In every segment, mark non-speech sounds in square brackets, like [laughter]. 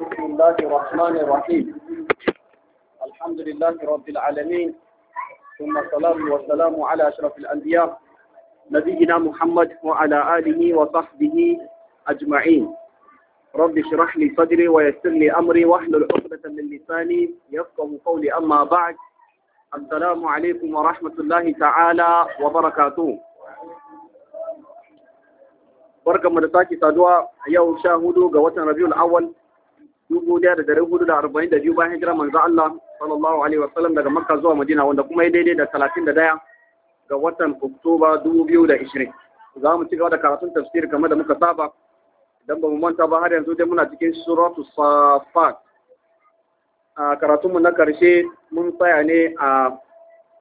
بسم الله الرحمن الرحيم الحمد لله رب العالمين ثم السلام والسلام على أشرف الأنبياء نبينا محمد وعلى آله وصحبه أجمعين رب اشرح لي صدري ويسر لي أمري واحلل عقدة من لساني يفقه قولي أما بعد السلام عليكم ورحمة الله تعالى وبركاته barkan mu da sake saduwa a yau sha hudu ga watan rabiul awal dubu ɗaya da dari hudu da arba'in da biyu bayan hijira, manzo Allah sallallahu alaihi wa sallam daga Makka zuwa Madina wanda kuma ya daidai da talatin da ɗaya ga watan Oktoba 2020. Za mu ci gaba da karatun tafsir kamar da muka saba idan ba mu manta ba har yanzu dai muna cikin suratu safat. A karatunmu na karshe mun tsaya ne a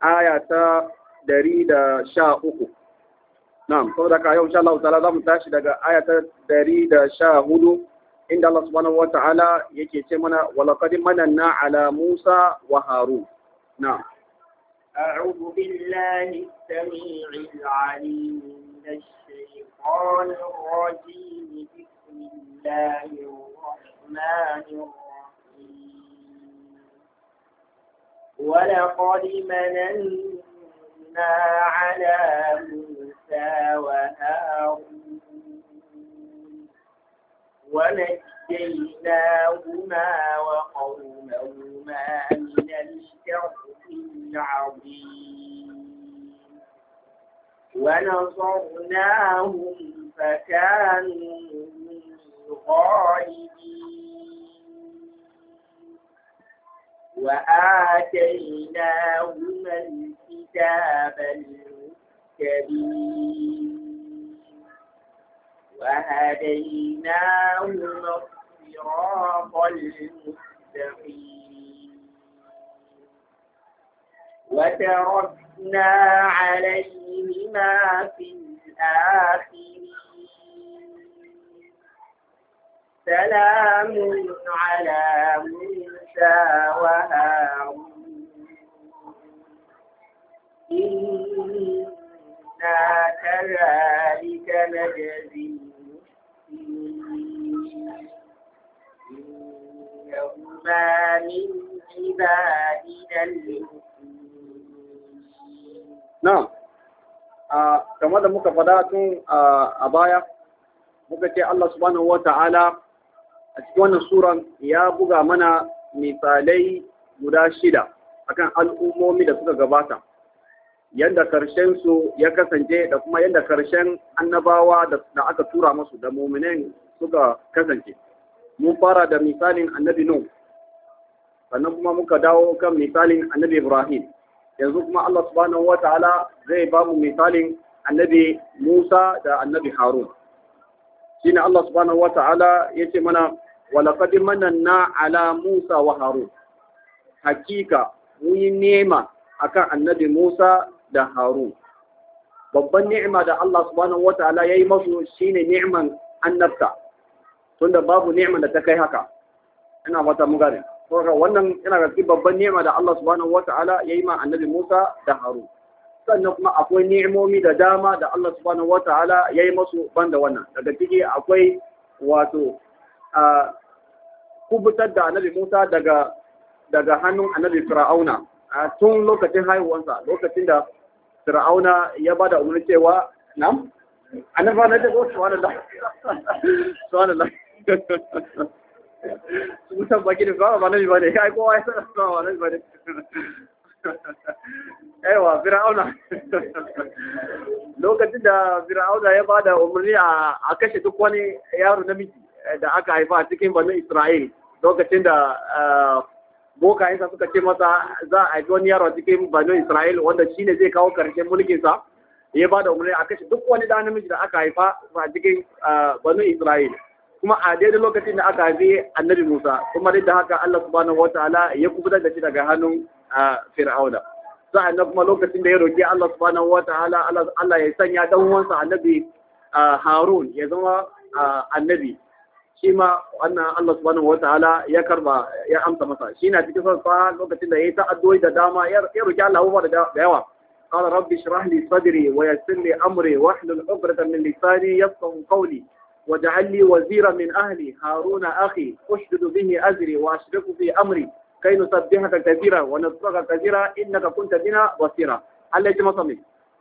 aya ta dari da sha uku. Na'am, saboda ka yau insha Allah ta'ala za mu tashi daga aya ta dari da sha hudu عند الله سبحانه وتعالى يجي yake ولقد مننا على موسى ala نعم أعوذ بالله السميع العليم من الشيطان الرجيم بسم الله الرحمن الرحيم ولقد مننا على موسى وهارون ونجيناهما وقومهما من الكرب العظيم ونصرناهم فكانوا وآتيناهما الكتاب الكبير وهديناهما الصراط المستقيم وتركنا عليهما في الآخرين سلام على موسى وهارون إنا كذلك نجزي na'am من kamar da muka fada tun a baya muka ce Allah subhanahu wa ta'ala a cikin wannan suran ya buga mana misalai guda shida akan al'ummomi da suka gabata yadda su ya kasance da kuma yadda karshen annabawa da aka tura masu da muminin suka kasance mun fara da misalin annabi nun sannan kuma muka dawo kan misalin annabi Ibrahim yanzu kuma Allah subhanahu wataala zai ba mu misalin annabi Musa da annabi Harun shine Allah subhanahu wataala yace mana walaqad mananna ala Musa wa Harun hakika mun yi nema akan annabi Musa da Harun babban ni'ima da Allah subhanahu yi yayi masu shine ni'iman annabta tunda babu ni'man da ta kai haka ina fata mu gane saboda wannan yana da cikin babban ni'ima da Allah subhanahu wata'ala ya yi ma annabi Musa da Harun sannan kuma akwai ni'imomi da dama da Allah subhanahu wata'ala ya yi masu banda wannan daga ciki akwai wato kubutar da annabi Musa daga daga hannun annabi Fir'auna tun lokacin haihuwansa lokacin da Fir'auna ya bada umarni cewa na'am annabi na da subhanahu wataala Musan baki da ba malami ba ne, ai kowa ya san ba malami ba ne. Aiwa, Fir'auna. Lokacin da Fir'auna ya ba da umarni a kashe duk wani yaro namiji da aka haifa a cikin banu Isra'il lokacin da bokayensa suka ce masa za a haifi wani yaro a cikin banu Isra'il wanda shi ne zai kawo karshen mulkinsa ya ba da umarni a kashe duk wani da namiji da aka haifa a cikin banu Isra'il. kuma a daidai lokacin da aka haife annabi Musa kuma duk da haka Allah subhanahu wataala ya kubutar da shi daga hannun Fir'auna sa'annan kuma lokacin da ya roki Allah subhanahu wataala Allah ya sanya dan uwansa annabi Harun ya zama annabi shi ma wannan Allah subhanahu wataala ya karba ya amsa masa shi na cikin sa lokacin da ya yi ta'addu'o'i da dama ya roki Allah abubuwa da yawa قال رب اشرح لي صدري ويسر لي امري واحلل عقدة من لساني يفقهوا قولي واجعل لي وزيرا من أهلي هارون أخي أشدد به أزري وأشركه في أمري كي نسبحك كثيرا ونذكرك كثيرا إنك كنت بنا بصيرا الله يجمع صمي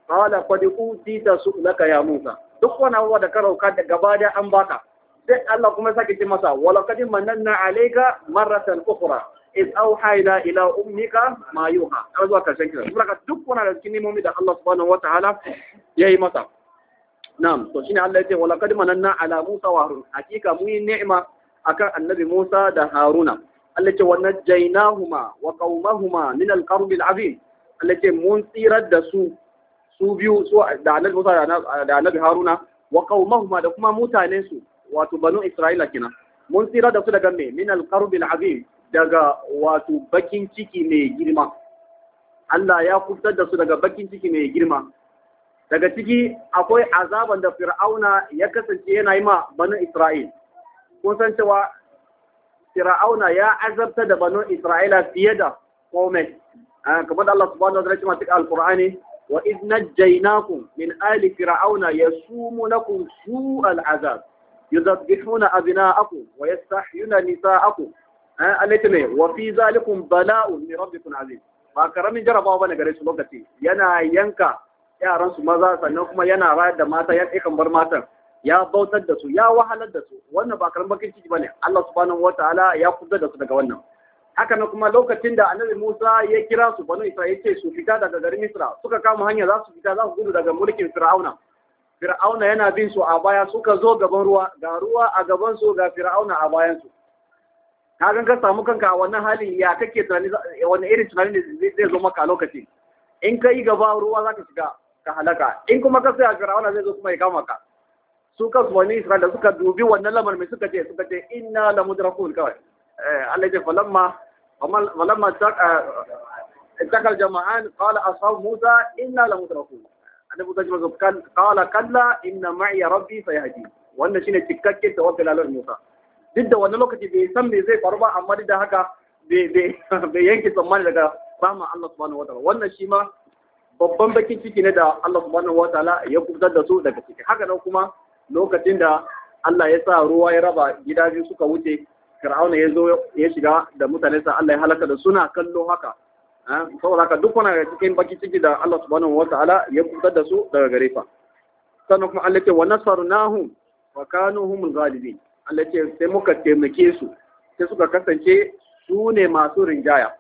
قال قد أوتيت سؤلك يا موسى duk wani abubuwa da ka rauka da an baka sai Allah kuma sake ce masa walaqad mananna alayka marratan ukhra iz awhayna ila ummika ma yuha har zuwa karshen kira duk wani da Allah subhanahu ya yi masa na'am to shine Allah ya ce wala qad mananna ala Musa wa Harun hakika mu yi ni'ima akan annabi Musa da Haruna Allah ce wa najjaynahuma wa qaumahuma min al-karb al-azim Allah ce mun tsirar da su su biyu su da annabi Musa da annabi Haruna wa qaumahuma da kuma mutanen su wato banu Isra'ila kina, mun tsirar da su daga me min al-karb al daga wato bakin ciki mai girma Allah ya kubutar da su daga bakin ciki mai girma daga ciki akwai azaban da fir'auna ya kasance yana yi ma banu isra'il kun san cewa fir'auna ya azabta da banu isra'ila fiye da komai ah, kamar da Allah subhanahu wa ta'ala cikin alqur'ani wa id najaynakum min ali fir'auna yasumunakum su'al azab yuzabbihuna abna'akum wa yastahyuna nisa'akum ah, alaihi ne wa fi zalikum bala'un min rabbikum azim ba karamin jarabawa bane gare su lokaci yana yanka yaran su maza sannan kuma yana rayar da mata ya kan bar mata, ya bautar da su ya wahalar da su wannan ba karamar ciki bane Allah subhanahu wataala ya kudda da su daga wannan haka nan kuma lokacin da annabi Musa ya kira su banu Isra'il ce su fita daga garin Misra suka kama hanya za su fita za su gudu daga mulkin Fir'auna Fir'auna yana bin su a baya suka zo gaban ruwa ga ruwa a gaban su ga Fir'auna a bayan su ga ka samu kanka a wannan hali ya kake tunani wannan irin tunani ne zai zo maka lokacin. in kai gaba ruwa zaka shiga ka halaka in kuma ka tsaya fir'auna zai zo kuma ya kama ka su kansu wani isra'ila suka dubi wannan lamar mai suka ce suka ce inna la mudrakun kawai eh, Allah ya ce falamma falamma eh, takal jama'an qala ashab musa inna la mudrakun annabi musa ya ce qala kalla inna ma'iya rabbi sayahdi wannan shine ta tawakkal ala musa duk da wannan lokaci bai san me zai faru ba amma duk da haka bai [laughs] yanke tsammani daga rahama Allah subhanahu wataala wannan shi ma babban bakin ciki ne da Allah subhanahu wa ta'ala ya kubutar da su daga ciki haka nan kuma lokacin da Allah ya sa ruwa ya raba gida biyu suka wuce Fir'auna ya zo ya shiga da mutane sa Allah ya halaka da suna kallo haka ah, saboda haka duk wani cikin bakin ciki da Allah subhanahu wa ta'ala ya kubutar da su daga gare fa sannan kuma Allah ce wa nasarnahum wa kanu humul ghalibin Allah ce sai muka taimake su sai suka kasance su ne masu rinjaya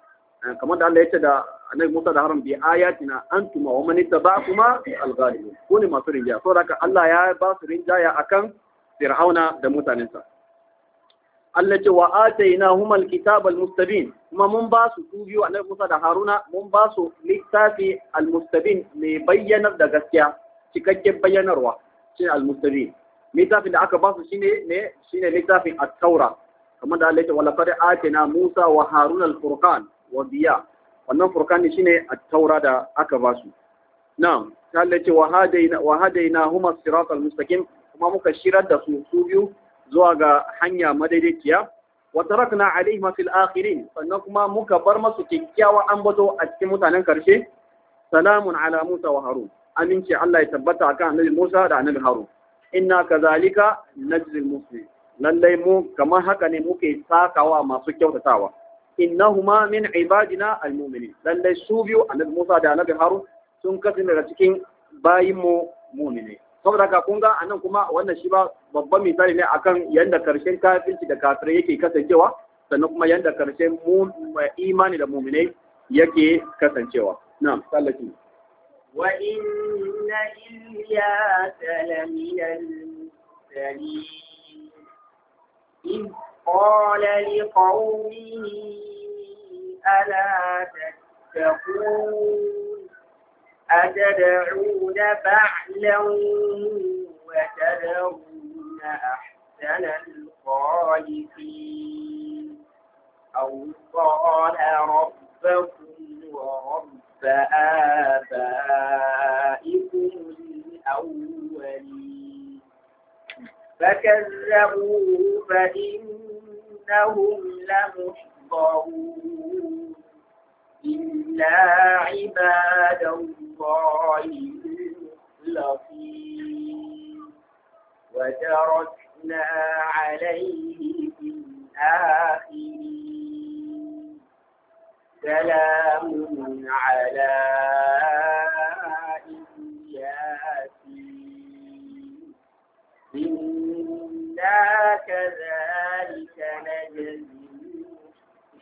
ah, kamar da Allah ya ce da annabi Musa da Harun bi ayatina antuma wa man ittaba'akuma al-ghalibun ko ne masu rinjaya saboda haka Allah ya ba su rinjaya akan Fir'auna da mutanensa Allah ce wa atainahum al-kitaba al-mustabin kuma mun ba su su biyu annabi Musa da Haruna mun ba su littafi al-mustabin mai bayyanar da gaskiya cikakken bayyanarwa shine al-mustabin littafin da aka ba su shine ne shine littafin at-taura kamar da Allah ya ce wa laqad atina Musa wa Haruna al-furqan wa diya wannan furkani shine at-taura da aka ba su na'am tallace wa hadaina wa huma siratal mustaqim kuma muka shirar da su su biyu zuwa ga hanya madaidaiciya wa na alaihima fil akhirin sannan kuma muka bar masu kikkiawa ambato a cikin mutanen karshe salamun ala musa wa harun aminci Allah ya tabbata akan annabi musa da annabi harun inna kazalika najzil muslimin lallai mu kamar haka ne muke sakawa masu kyautatawa innahuma min ibadina almuminai, lallai su biyu annabi Musa da annabi Harun sun kasance daga cikin bayin mu saboda ka kun anan kuma wannan shi ba babban misali ne a kan yanda karshen kafirci da kafirai yake kasancewa sannan kuma yanda karshen imani da mu'minai yake kasancewa na'am sallati wa inna ilyasa lamina al-mursalin قال لقومه ألا تتقون أتدعون بعلا وتدعون أحسن الخالقين أو قال ربكم ورب آبائكم الأول فكذبوه فإنهم لمحضرون إلا عباد الله المخلصين وتركنا عليه في الآخرين سلام على كذلك نجزي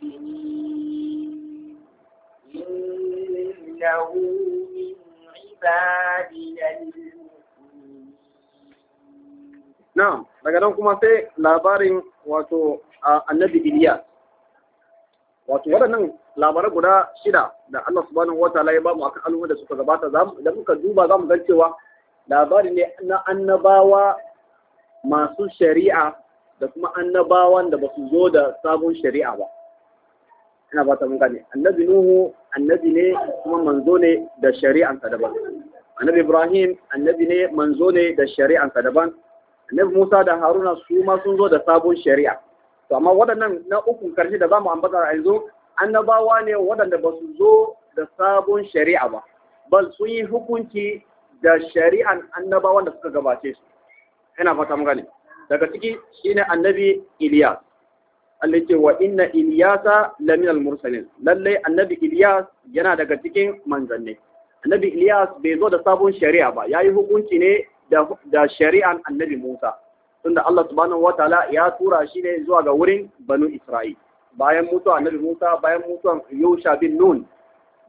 إنه من عبادنا daga nan kuma sai labarin wato annabi Iliya. wato waɗannan labarai guda shida da Allah subhanahu wa wata ya bamu akan al'umma da suka gabata idan muka duba zamu ga cewa labari ne na annabawa masu shari'a da kuma annabawan da ba su zo da sabon shari'a ba ina ba ta mun gane annabi nuhu annabi ne kuma manzo ne da shari'an ka daban annabi ibrahim annabi ne manzo ne da shari'an ka daban annabi musa da haruna su ma sun zo da sabon shari'a to amma waɗannan na uku karshe da zamu ambata a yanzu annabawa ne waɗanda ba su zo da sabon shari'a ba bal sun yi hukunci da shari'an annabawan da suka gabace su ina fata mun daga ciki shine annabi Ilyas Allah ce wa inna Ilyasa laminal mursalin lalle annabi Ilyas yana daga cikin manzanni annabi Ilyas bai zo da sabon shari'a ba yayi hukunci ne da shari'an annabi Musa tunda Allah subhanahu wataala ya tura shi ne zuwa ga wurin Banu Isra'il bayan mutuwa annabi Musa bayan mutuwan Yusha bin Nun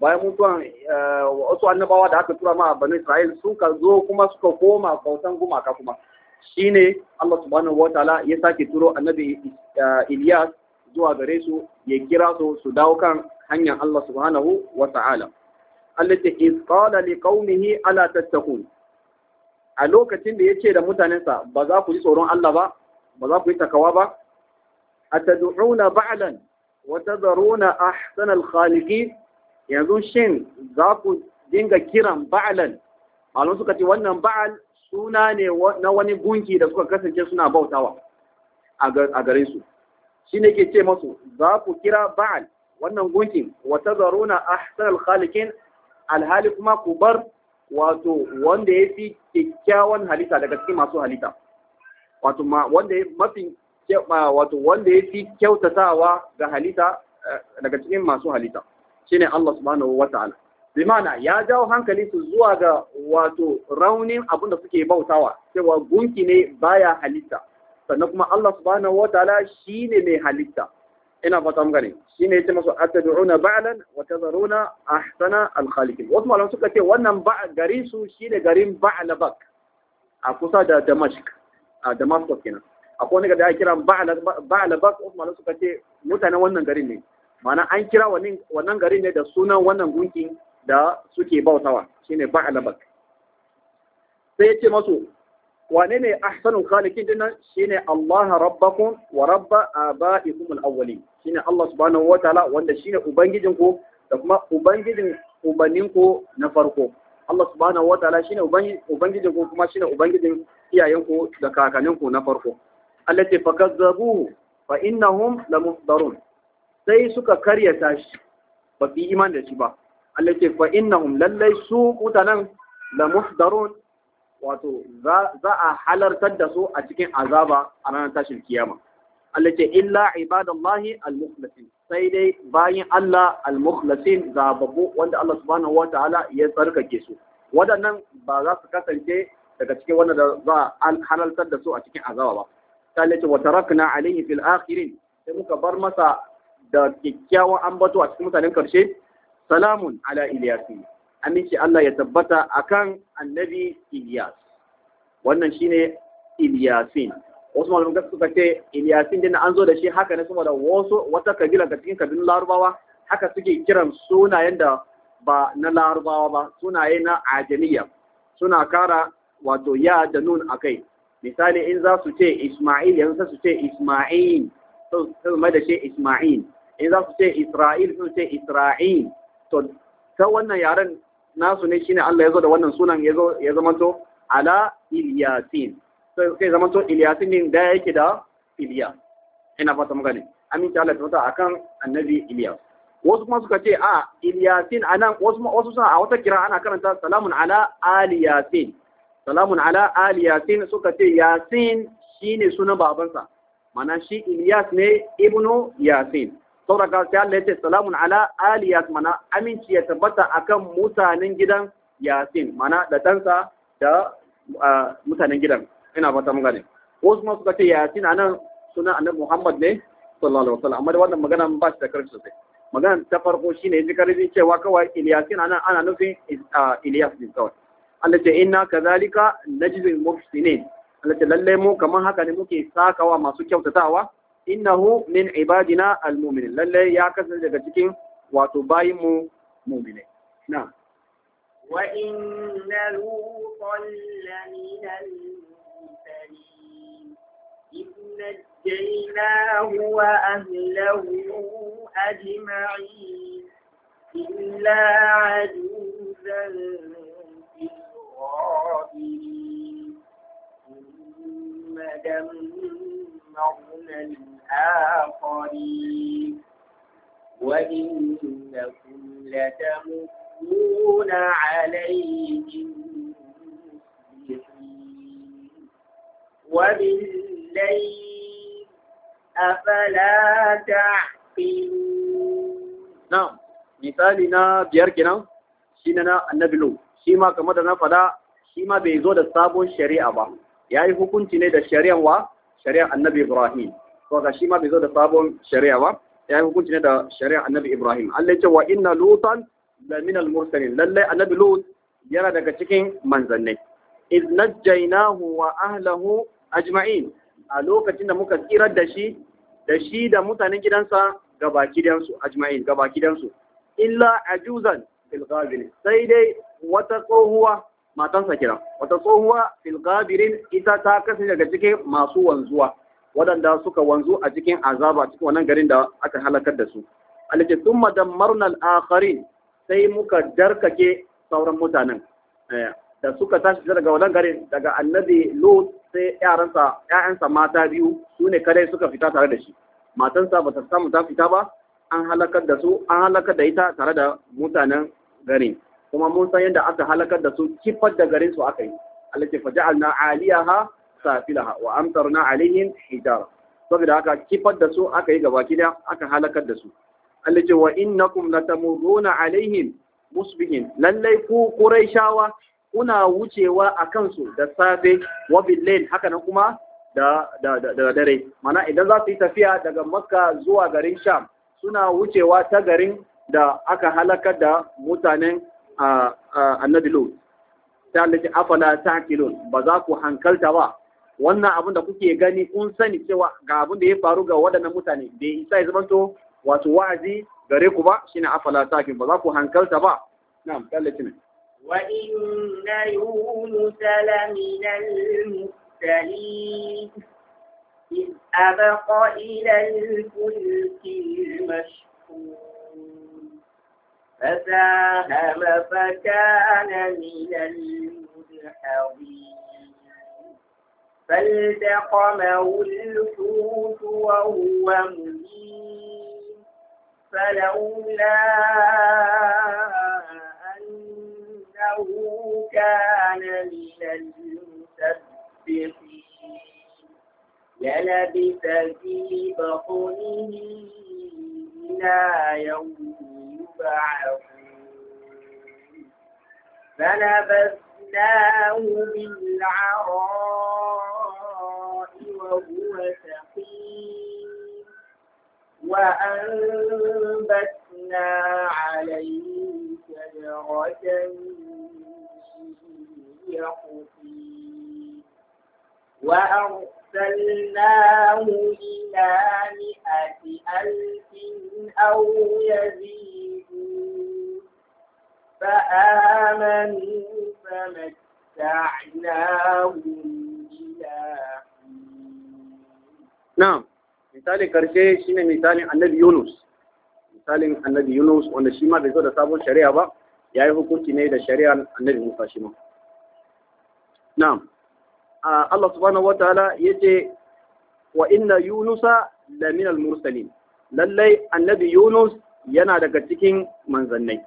bayan mutuwan eh, wasu annabawa da aka tura ma Banu Isra'il suka zo kuma suka koma bautan gumaka kuma ne Allah subhanahu wataala ya sake turo annabi eh, Ilyas zuwa gare su ya kira su su dawo kan hanyar Allah subhanahu wataala allati iz qala liqaumihi ala tattaqun a lokacin da ya ce da mutanensa ba za ku ji tsoron Allah ba ba za ku yi takawa ba atad'una ba'lan wa zaruna a sanar khaliqin yanzu shin za ku dinga kiran ba'lan malon suka ce wannan ba'al suna ne na wani gunki da suka kasance suna bautawa a gare su shi ne ke ce masu za ku kira ba'al wannan gunkin wata zaruna ahsan alkhalikin alhali kuma ku bar wato wanda ya fi kyakkyawan halitta daga cikin masu halitta wato wanda ya mafi wato wanda ya fi kyautatawa ga halitta eh, daga cikin masu halitta shine Allah subhanahu wa ta'ala bimana ya jawo hankali su zuwa ga wato raunin abin da suke bautawa cewa gunki ne baya halitta sannan kuma Allah subhanahu ta'ala shine mai halitta ina fata mun gane shine yace masu atad'una ba'lan wa tadharuna ahsana al-khaliqin wasu malaman suka ce wannan garin su shine garin Ba'labak a kusa da Damashq a Damascus kenan akwai wani da ya kira Ba'labak wasu malaman suka ce mutanen wannan garin ne ma'ana an kira wannan garin ne da sunan wannan gunkin da suke bautawa shine ba'labak sai ya ce masu wane ne ahsanul khaliqin dinnan shine Allah rabbakum wa rabb abaikum al-awwalin shine Allah subhanahu wa ta'ala wanda shine ubangijin ku da kuma ubangijin ubannin ku na farko Allah subhanahu wa ta'ala shine ubangijin ku kuma shine ubangijin iyayen ku da kakannin ku na farko allati fakazzabuhu fa innahum lamuhdarun sai suka karyata shi ba bi iman da shi ba Allah ke fa innahum lallai su mutanen la muhdarun wato za a halartar da su a cikin azaba a ranar tashin kiyama Allah ke illa ibadallahi al-mukhlasin sai dai bayin Allah al-mukhlasin zababu wanda Allah subhanahu wataala ya tsarkake su waɗannan ba za su kasance daga cikin wanda za a halartar da su a cikin azaba ba ta lace wa tarakna alaihi fil akhirin sai muka bar masa da kyakkyawan ambato a cikin mutanen karshe salamun ala Ilyasu, aminci Allah ya tabbata akan annabi Ilyas. Wannan shine Ilyasin. Wasu malamin gaske suka ce Ilyasin din an zo da shi haka ne da wasu wata kabila ga cikin kabilun larubawa? haka suke kiran sunayen da ba na larubawa ba, sunaye na ajamiya. Suna kara wato ya da nun kai. Misali in za su ce Isma'il yanzu su ce Isma'il, sai su mai da shi Isma'il. In za su ce Isra'il su ce Isra'il. to ta wannan yaren nasu ne shine Allah ya zo da wannan sunan ya to ala Iliyasin. Sai to Iliyasin din da yake da Iliya. Ina fata muka ne. Aminci Allah ta fata akan annabi Iliya. Wasu kuma suka ce a Iliyasin anan wasu wasu suna a wata kira ana karanta salamun ala Aliyasin. Salamun ala Aliyasin suka ce Yasin shine sunan babansa. Mana shi Iliyas ne ibnu Yasin. sauraka sai Allah ya ce salamun ala ali mana aminci ya tabbata akan mutanen gidan yasin mana da ɗansa da mutanen gidan ina fata mun gane wasu ma suka ce yasin anan sunan annabi muhammad ne sallallahu alaihi wasallam amma wannan magana ba shi da karfi sosai magana ta farko shine yanzu karfi cewa kawai ilyasin anan ana nufin ilyas din kawai Allah ce inna kadhalika najzil Mufsinin. Allah ce lalle mu kaman haka ne muke sakawa masu kyautatawa innahu min ibadina almu'minin lallai ya kasance daga cikin wato bayin mu mu'mine na'am wa inna lutan lamin الآخرين وإنكم لتمتون عليهم وبالليل أفلا تعقلون نعم misalina biyar kenan shi na annabi nuhu shi ma kamar da na faɗa shi bai zo da sabon shari'a ba yayi hukunci ne da shari'an wa shari'ar annabi Ibrahim to ga shi ma bai zo da sabon shari'a ba ya yi hukunci ne da shari'ar annabi Ibrahim Allah ya ce wa inna lutan la min al mursalin annabi lut yana daga cikin manzannai iz najjaynahu wa ahlihi ajma'in a lokacin da muka tsirar da shi da shi da mutanen gidansa gabaki dansu ajma'in gabaki illa ajuzan fil ghabin sai dai wata tsohuwa matansa kira wata tsohuwa filgabirin ita ta kasance daga cikin masu wanzuwa wadanda suka wanzu a cikin azaba cikin wannan garin da aka halakar da su alike thumma dammarna al sai muka darkake sauran mutanen eh, da suka tashi daga wannan garin daga annabi lut sai yaransa yayansa mata biyu su ne kadai suka fita tare da shi matansa ba ta samu ta fita ba an halakar da su an halakar da ita tare da mutanen garin kuma mun san yadda aka halakar da su kifar da garin su aka yi Allah ce faja'alna aliyaha safilaha wa amtarna alaihim hijara saboda haka kifar da su aka yi gaba kida aka halakar da su Allah ce wa innakum latamuruna alaihim musbihin lallai ku quraishawa kuna wucewa a kansu da safe wa billail haka nan kuma da da da dare mana idan za su yi tafiya daga makka zuwa garin sham suna wucewa ta garin da aka halakar da mutanen annabi lut ta lati afala taqilun ba za ku hankalta ba wannan abin da kuke gani kun sani cewa ga abin da ya faru ga waɗannan mutane ya isa ya zamanto wato wa'azi gare ku ba shine afala taqilun ba za ku hankalta ba na'am ta lati ne wa inna yunus lamina al إذ أبق إلى الفلك المشحون فساهم فكان من المدحضين فالتقمه الحوت وهو مليم فلولا أنه كان من المسبحين للبث في بطنه إلى يوم فعقول فنبذناه بالعراء وهو سقيم وأنبتنا عليه شجرة يقطين وأرسلنا أرسلناه إلى مئة ألف أو يزيد فآمنوا فمتعناه إلى نعم مثال كرشي شين مثال النبي يونس مثال النبي يونس وانا شيما بيزو دا سابو شريعة با يأيه حكوشي نيدا شريعة النبي موسى شيما نعم Allah subhanahu ya yace wa inna yunusa la min al-mursalin lallai annabi yunus yana daga cikin manzannai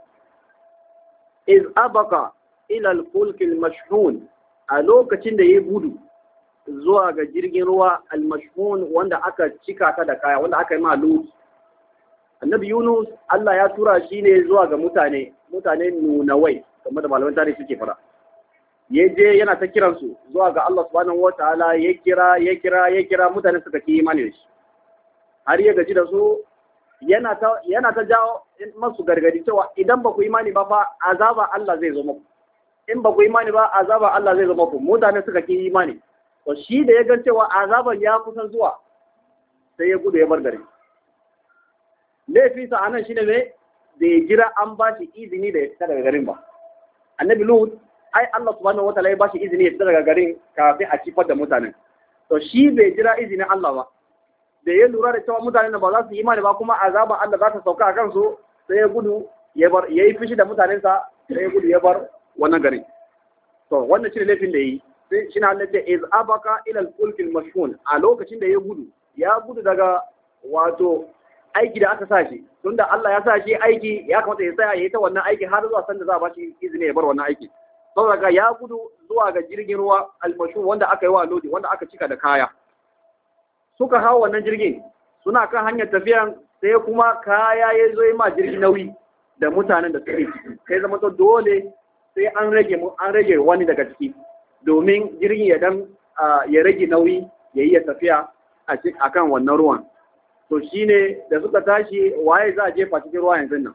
iz abaka ila al-fulk al-mashhun a lokacin da yayi gudu zuwa ga jirgin ruwa al-mashhun wanda aka cika ta da kaya wanda aka yi ma lut annabi yunus Allah ya tura shi ne zuwa ga mutane mutane nunawai kamar da malaman tarihi suke fara ya je yana ta kiransu zuwa ga Allah subhanahu wa ta'ala ya kira ya kira ya kira mutane suka ki imani da shi har ya gaji da su yana ta yana ta jawo masu gargadi cewa idan ba ku imani ba fa azaba Allah zai zo muku in ba ku imani ba azaba Allah zai zo muku mutane suka ki imani to shi da ya ga cewa azaban ya kusan zuwa sai ya gudu ya bar gari laifinsa anan shine ne da ya jira an ba shi izini da ya fita daga garin ba annabi lut ai Allah subhanahu wataala ya bashi izini ya fita daga garin kafin a cifar da mutanen to shi bai jira izinin Allah ba da ya lura da cewa mutanen ba za su yi imani ba kuma azaban Allah za ta sauka a kansu sai ya gudu ya bar yayi fishi da mutanensa sai ya gudu ya bar wannan garin to wannan shine laifin da yi sai shine Allah ya iz abaka ila al-fulk al-mashhun a lokacin da ya gudu ya gudu daga wato aiki da aka sa shi tunda Allah ya sa shi aiki ya kamata ya tsaya ya yi ta wannan aiki har zuwa sanda za a bashi izini ya bar wannan aiki saboda ya gudu zuwa ga jirgin ruwa almashu wanda aka yi wa lodi wanda aka cika da kaya suka hawa wannan jirgin suna kan hanyar tafiyan sai kuma kaya ya zo ma jirgin nauyi da mutanen da suke sai zama to dole sai an rage an rage wani daga ciki domin jirgin ya dan ya rage nauyi ya yi tafiya a kan wannan ruwan to shine da suka tashi waye za a jefa cikin ruwa yanzu nan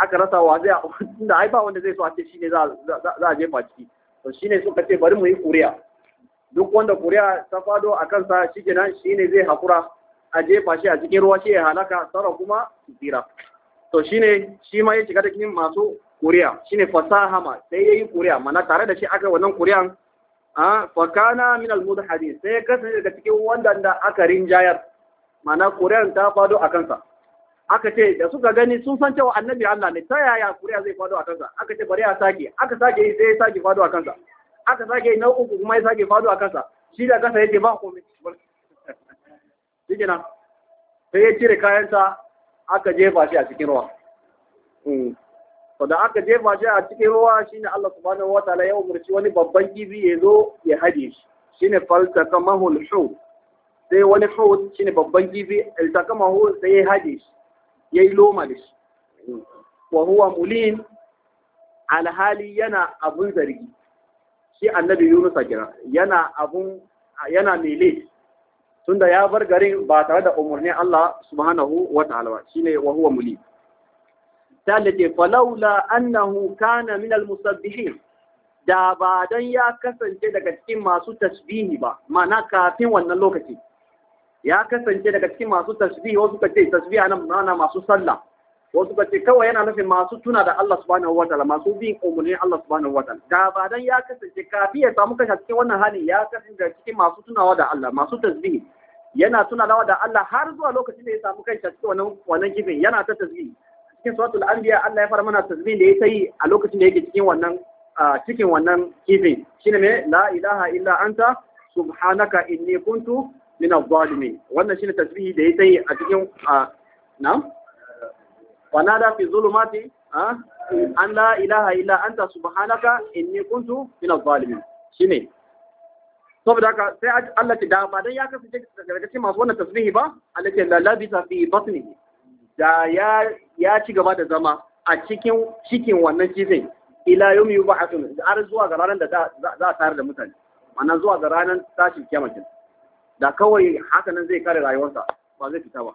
aka rasa wa zai [laughs] tunda ai ba wanda zai so a ce shine za a jefa ciki to shine suka ce bari mu yi kuriya duk wanda kuriya ta fado a kansa shikenan shine zai hakura a jefa shi a cikin ruwa shi ya halaka sauran kuma su tsira to shine shi ma ya shiga cikin masu kuriya shine ma sai ya yi kuriya mana tare da shi aka wannan kuriyan a fakana min almudhadin sai ya kasance daga cikin wanda aka rinjayar mana kuriyan ta fado a kansa aka ce da suka gani sun san cewa annabi Allah ne ta yaya kuriya zai fado a kansa aka ce bari a sake aka sake yi sai ya sake fado a kansa aka sake yi na uku kuma ya sake fado a kansa shi da kansa yake ba komai [laughs] shi sai ya cire kayansa aka jefa shi a cikin ruwa hmm. to da aka jefa shi a cikin ruwa shine Allah subhanahu wataala ya umurci wani babban kifi ya zo ya haje shi shine falsafamahul hud sai wani hu shine babban kifi iltakamahu sai ya haje shi ya yi loma da shi wa huwa mulin alhali yana abun zargi shi annabi yunus a kira yana abun yana mele tunda ya bar garin ba tare da umarnin Allah subhanahu wa ta'ala shine wa huwa mulin talake falaula annahu kana min almusabbihin da ba dan ya kasance daga cikin masu tasbihi ba ma'ana kafin wannan lokaci ya kasance daga cikin masu tasbih wasu ka ce tasbih nan mana masu sallah wasu ka kawai yana nufin masu tuna da Allah subhanahu wataala masu bin umurnin Allah subhanahu wataala da ba dan ya kasance kafi ya samu kanka cikin wannan hali ya kasance cikin masu tunawa da Allah masu tasbih yana tunawa da Allah har zuwa lokacin da ya samu kanka cikin wannan wannan gibin yana ta tasbih cikin suratul anbiya Allah ya fara mana tasbih da ya yi a lokacin da yake cikin wannan cikin wannan gibin shine me la ilaha illa anta subhanaka inni kuntu min az-zalimin wannan shine tasbihi da yayi a cikin na wanada fi zulumati an la ilaha illa anta subhanaka inni kuntu min shine saboda haka sai Allah ce da ba dan ya kasance daga cikin masu wannan tasbihi ba Allah ce la fi ya ya ci gaba da zama a cikin cikin wannan kifin ila yumi yub'athun har zuwa ga ranar da za a tare da mutane ma'ana zuwa ga tashin da kawai haka nan zai kare rayuwarsa ba zai fita ba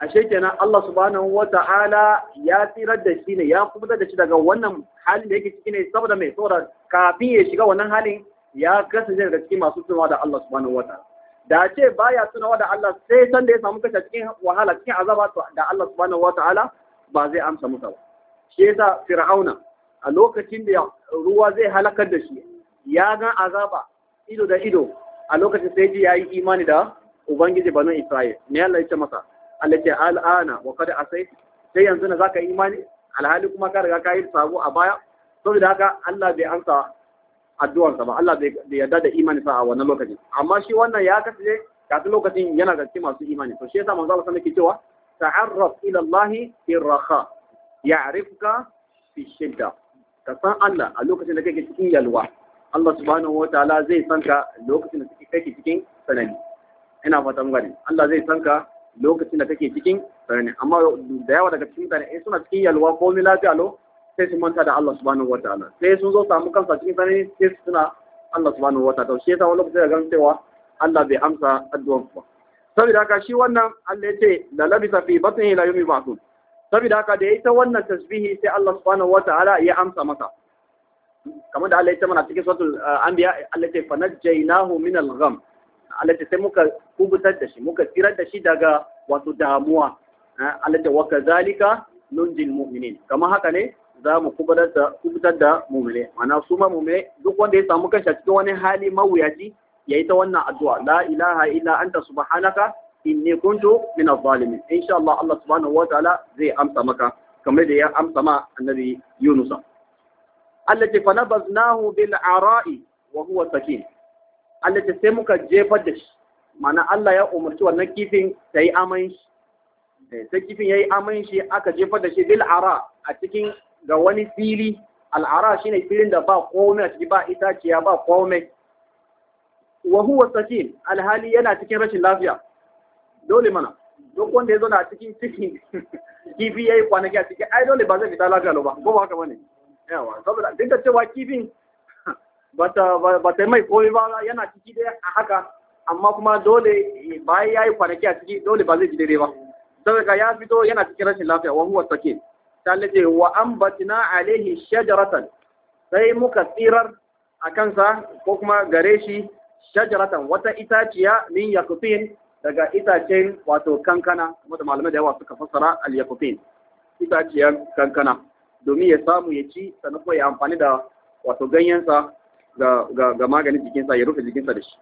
ashe kenan Allah subhanahu wata'ala ya tsirar da shi ne ya kubutar da shi daga wannan halin da yake ciki ne saboda mai tsora kafin ya shiga wannan halin ya kasance daga cikin masu tunawa da Allah subhanahu wata'ala da ce baya tunawa da Allah sai san da ya samu kasa cikin wahala cikin azaba da Allah subhanahu wata'ala ba zai amsa masa ba shi yasa fir'auna a lokacin da ruwa zai halakar da shi ya ga azaba ido da ido a lokacin sai ji yayi imani da ubangiji banu isra'il me Allah ya ce masa Allah al'ana wa kada asai sai yanzu na zaka imani alhali kuma ka riga yi sabo a baya saboda haka Allah bai ansa addu'arsa ba Allah bai yarda da imani sa a wannan lokacin amma shi wannan ya kasance kafin lokacin yana da cikin masu imani to shi yasa manzo Allah yake cewa ta'arraf ila Allah fi raha ya'rifka fi shidda ka san Allah a lokacin da kake cikin yalwa Allah subhanahu wataala zai san ka lokacin da kake cikin sanani ina fatan gani Allah zai san ka lokacin da kake cikin sanani amma da yawa daga cikin tsanani suna cikin yalwa ko mila lafiya sai su manta da Allah subhanahu wataala sai sun zo samu kansa cikin sanani sai su suna Allah subhanahu wataala shi yasa wani lokaci da gan cewa Allah bai amsa addu'an ba saboda haka shi wannan Allah ya ce la labisa fi batnihi la yumi ba'thun saboda haka da ita wannan tasbihi sai Allah subhanahu wataala ya amsa masa kamar da Allah ya ce mana cikin suratul eh, anbiya Allah ya ce fa najjaynahu min al-gham Allah ya muka kubutar da shi muka tsirar da shi daga wato damuwa eh, Allah ya ce wa kadhalika nunjil mu'minin kamar haka ne za mu kubutar da mumine mana su ma mumine duk wanda ya samu kanshi cikin wani hali mawuyaci ya yi ta wannan addu'a la ilaha illa anta subhanaka inni kuntu min az-zalimin insha Allah Allah subhanahu wa ta'ala zai amsa maka kamar da ya amsa ma annabi Yunus Allah ce fanabaznahu bil ara'i wa huwa sakin Allah ce sai muka jefar da shi mana Allah ya umarci wannan kifin ta yi aman shi eh, sai kifin ya yi aman shi aka jefar da shi bil ara a cikin ga wani fili al'ara shi ne filin da ba kome a ciki ba itaciya ba kome wa huwa sakin alhali yana cikin rashin lafiya dole mana duk wanda ya zo na cikin cikin [laughs] kifi ya yi kwanaki a ciki ai dole ba zai fita lafiya ba ko ba haka bane yawa saboda duk da cewa kifin ba ta mai kowai ba yana ciki dai a haka amma kuma dole eh, bayan ya yi kwanaki a ciki dole ba zai ji daidai ba saboda ya fito yana cikin rashin lafiya wa huwa sake ta lace wa an ambatina alaihi shajaratan sai muka tsirar a kansa ko kuma gare shi shajaratan wata itaciya min yakufin daga itacen wato kankana kuma da malamai da yawa suka fassara al yakufin itaciyar kankana domin ya samu ya ci sannan kuma ya amfani da wato ganyensa ga maganin jikinsa ya rufe jikinsa da shi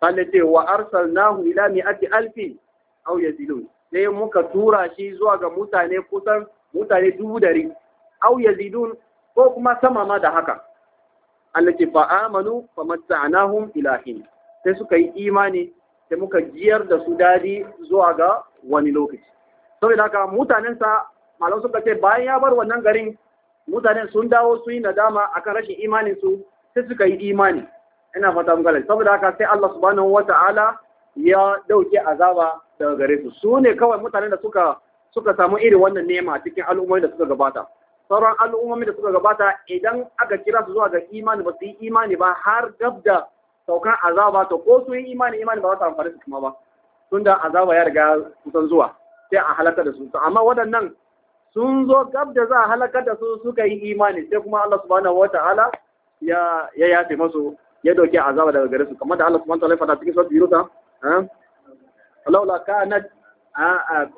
kalle ce wa arsalnahu ila mi'ati alfin aw yazilun sai muka tura shi zuwa ga mutane kusan mutane dubu dari aw yazidun ko kuma sama ma da haka Allah ce fa amanu fa matta'nahum ila hin sai suka yi imani sai muka giyar da su dadi zuwa ga wani lokaci saboda haka mutanensa malam suka ce bayan ya bar wannan garin mutanen sun dawo su yi nadama akan rashin imaninsu sai suka yi imani ina fata mun saboda haka sai Allah subhanahu wa Ta'ala ya dauke azaba daga gare su su ne kawai mutanen da suka suka samu irin wannan nema cikin al'ummomi da suka gabata sauran al'ummomi da suka gabata idan aka kira su zuwa ga imani ba su yi imani ba har gab da saukan azaba to ko su yi imani imani ba za su amfani su kuma ba tunda azaba ya riga kusan zuwa sai a halaka da su amma waɗannan sun zo gab da za a halakar da su suka yi imani sai kuma Allah subhanahu wata'ala ya ya yafe musu ya doke azaba daga gare su kamar da Allah subhanahu wataala ya faɗa cikin suratul yunusa laula kanat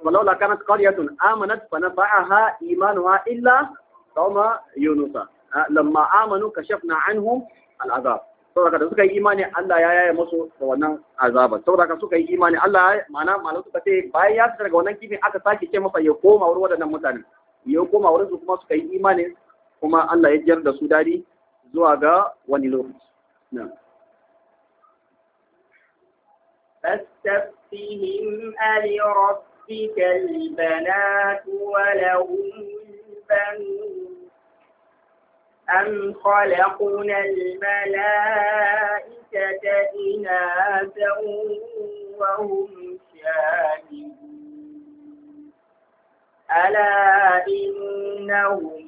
laula kanat qaryatun amanat fa nafa'aha imanuha illa qauma yunusa lamma amanu kashafna anhum al'azab saboda da suka yi imani Allah ya yaya musu da wannan azaba saboda suka yi imani Allah ya ma'ana malam suka ce bayan ya tsara daga wannan kifin aka sake ce masa ya koma wurin waɗannan mutane. ya koma wurin su kuma suka yi imani kuma Allah ya jar da su dadi zuwa ga wani lokaci na'am فاستفتهم ألربك البنات ولهم البنون أم خلقنا الملائكة إناثا وهم شاهدون ألا إنهم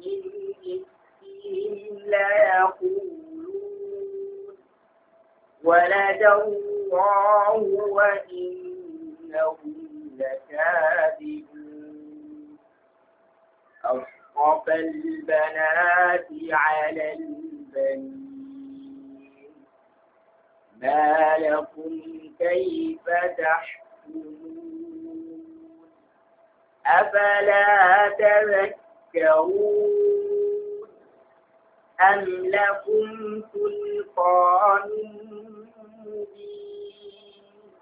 من إفكهم ليقولون ولد الله وإنهم لكاذبون أشرف البنات على البنين ما لكم كيف تحكمون أفلا تذكرون أم لكم سلطان مبين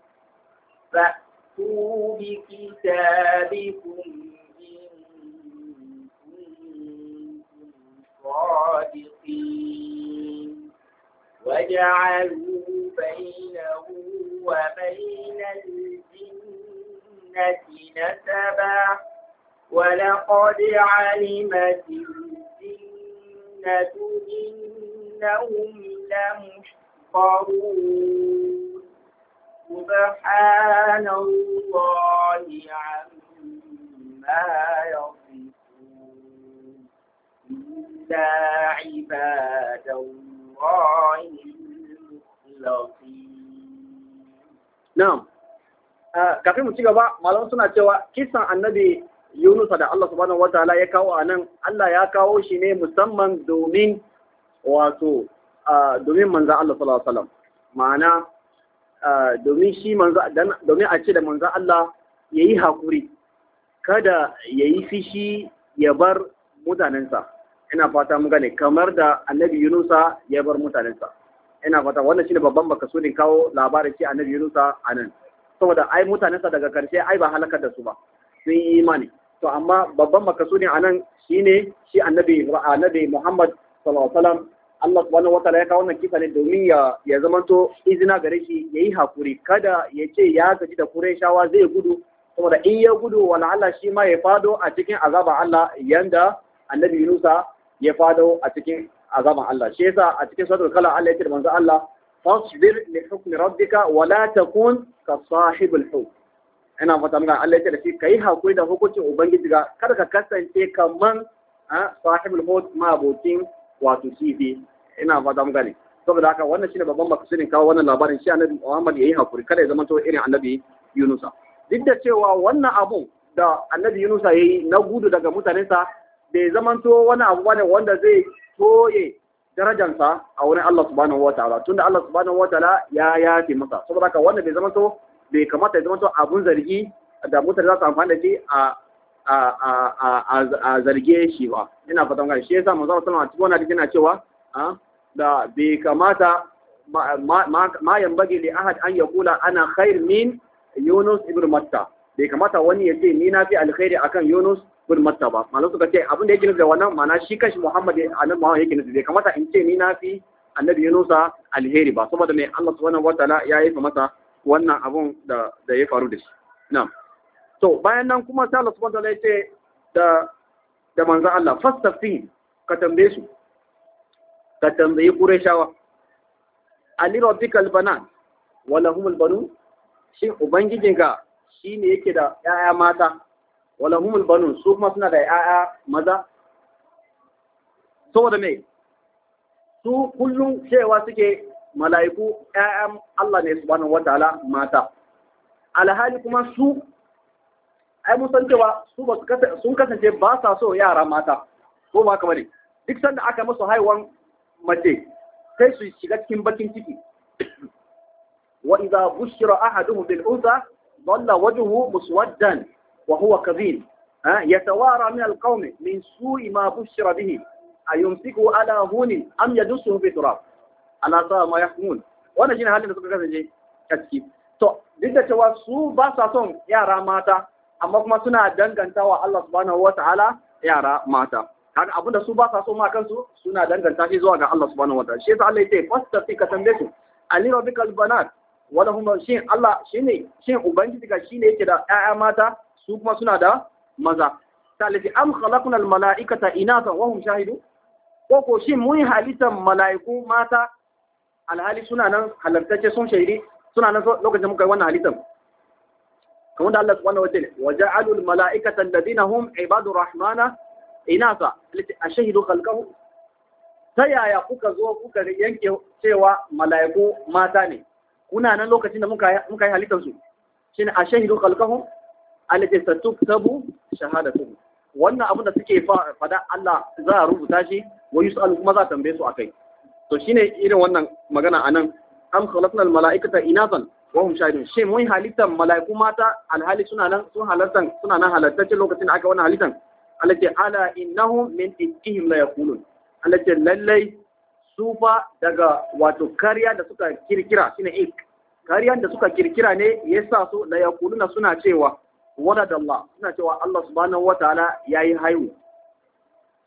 فأتوا بكتابكم الصادقين وجعلوا بينه وبين الجنة نسبا ولقد علمت الجنة إنهم لمحضرون سبحان الله عما يصفون إلا عباد الله المخلصين نعم kafin mu ci gaba malaman suna cewa kisan annabi Yunusa da Allah subhanahu wataala ya kawo a nan Allah ya kawo shi ne musamman domin wato domin manzan Allah sallallahu alaihi wasallam ma'ana domin shi domin a ce da manzan Allah yayi hakuri kada yayi fishi ya bar mutanensa ina fata mun gane kamar da annabi yunusa ya bar mutanensa ina fata wannan shine babban makasudin kawo labarin shi annabi yunusa anan. saboda ai mutanensa daga karshe ai ba halakar da su ba sun yi imani to amma babban so a anan shine shi annabi annabi muhammad sallallahu alaihi wasallam Allah subhanahu wataala ya kawo wannan kisa ne domin ya ya zamanto izina gare shi Ya yi hakuri kada ya ce ya gaji da Qurayshawa zai gudu saboda in ya gudu wala Allah shi ma ya fado a cikin azaba Allah yanda Annabi Yunusa ya fado a cikin azaban Allah shi yasa a cikin suratul kala Allah yake da manzo Allah fasbir li hukmi rabbika wa la takun ka sahibul hub ina fata mun Allah yake da shi kai hakuri da hukuncin ubangiji ga kada ka kasance kaman sahibul hub ma abokin wato kifi ina fata mun gane saboda haka wannan shine babban makasirin kawo wannan labarin shi annabi Muhammad yayi hakuri kada ya zama to irin annabi Yunusa duk da cewa wannan abun da annabi Yunusa yayi na gudu daga mutanensa bai zamanto wani abu bane wanda zai toye darajansa a wurin Allah subhanahu wataala tunda Allah subhanahu wataala ya yafe masa saboda haka wanda bai zamanto bai kamata ya zamanto abun zargi da mutane za su amfani da shi a a zarge shi ba ina fatan gani shi yasa manzo sallallahu alaihi wasallam yana cewa ah, da bai kamata ma yambage li ahad an yaqula ana khair min Yunus ibn Matta bai kamata wani ya ce ni na fi alkhairi akan Yunus bin masa ba malam suka ce abin da yake nufi da wannan mana shi kashi Muhammad ya annabi Muhammad yake nufi bai kamata in ce ni na fi annabi Yunusa alheri ba saboda mai Allah subhanahu wataala ya yi masa wannan abun da da ya faru da shi na'am to bayan nan kuma sai Allah subhanahu wataala ya ce da da manzo Allah fastafi ka tambaye su ka tambaye Qurayshawa ali rabbikal banan wala humul banun shi ubangijinka shine yake da yaya mata wala humul banun su kuma suna da ya'ya maza saboda me su kullum cewa suke mala'iku ƴaƴan Allah ne subhanahu wataala mata alhali kuma su ai mun cewa su sun kasance ba sa so yara mata ko ba kamar duk sanda aka musu haihuwan mace sai su shiga cikin bakin ciki wa idza bushira ahaduhum bil unsa dhalla wajhuhu muswaddan وهو كظيم يتوارى من القوم من سوء ما بشر به أيمسكه على هون أم يدسه في تراب ana sa ma ya mun wannan shine halin da suka kasance a ciki to duk da cewa su ba sa mata amma kuma suna dangantawa Allah subhanahu wataala yara mata abinda su ba sa so ma kansu suna danganta shi zuwa ga Allah subhanahu wataala shi yasa Allah ya ce fi ka tambaye su ali rabbikal banat wala hum shin Allah shine shin ubangiji ga shine yake da ƴaƴa mata su kuma suna da maza talafi am khalaqna al mala'ikata inatha wa hum shahidu ko ko shin mun halitan mala'iku mata alhali suna nan halartacce sun shahidi suna nan lokacin muka yi wannan halitan kamar da Allah subhanahu wataala wa ja'alul mala'ikata alladhina hum ibadu rahmana inatha lati ashhadu khalqahum ta yaya kuka zo kuka yanke cewa mala'iku mata ne kuna nan lokacin da muka muka yi halitan su shin ashhadu khalqahum Allah ce sa tuktabu shahadatuhum wannan abin da suke faɗa Allah za a rubuta shi wa yus'alu kuma za a tambaye su akai to shine irin wannan magana a anan am khalaqnal malaikata inasan wa hum shahidun shin mun halittar malaiku mata alhali suna nan sun halartan suna nan halartacce lokacin da aka wannan halittan Allah ce ala innahum min ittihim la yaqulun Allah ce lallai su fa daga wato kariya da suka kirkira shine ik kariyan da suka kirkira ne yasa su la yaquluna suna cewa da Allah suna cewa Allah subhanahu ya yi haihu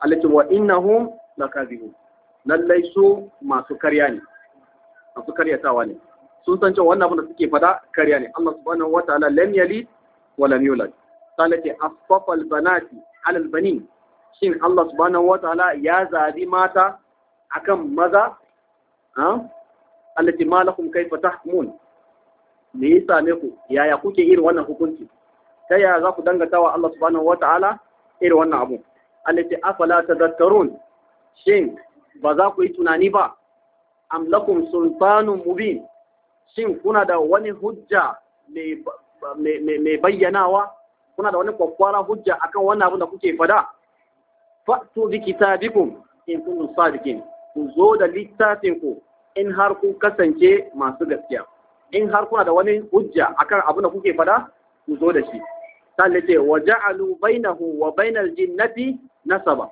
alati wa innahum lakazibun lallai su masu karya ne masu karyatawa ne sun san cewa wannan abin da suke fada karya ne Allah subhanahu wataala lam yalid wa lam yulad salati asfafa albanati ala albanin shin Allah subhanahu wataala ya zabi mata akan maza ha allati malakum kaifa tahkumun me yasa ne ku yaya kuke irin wannan hukunci ta yaya za ku dangata wa Allah subhanahu ta’ala irin wannan abu allati afala tadhakkarun shin ba za ku yi tunani ba am lakum sultanun mubin shin kuna da wani hujja mai bayyanawa kuna da wani kwakwara hujja akan wannan abu da kuke fada fa'tu bi kitabikum in kuntum sadiqin ku zo da littafin ku in har ku kasance masu gaskiya in har kuna da wani hujja akan abu da kuke fada ku zo da shi Allah ce wa ja'alu bainahu wa nasaba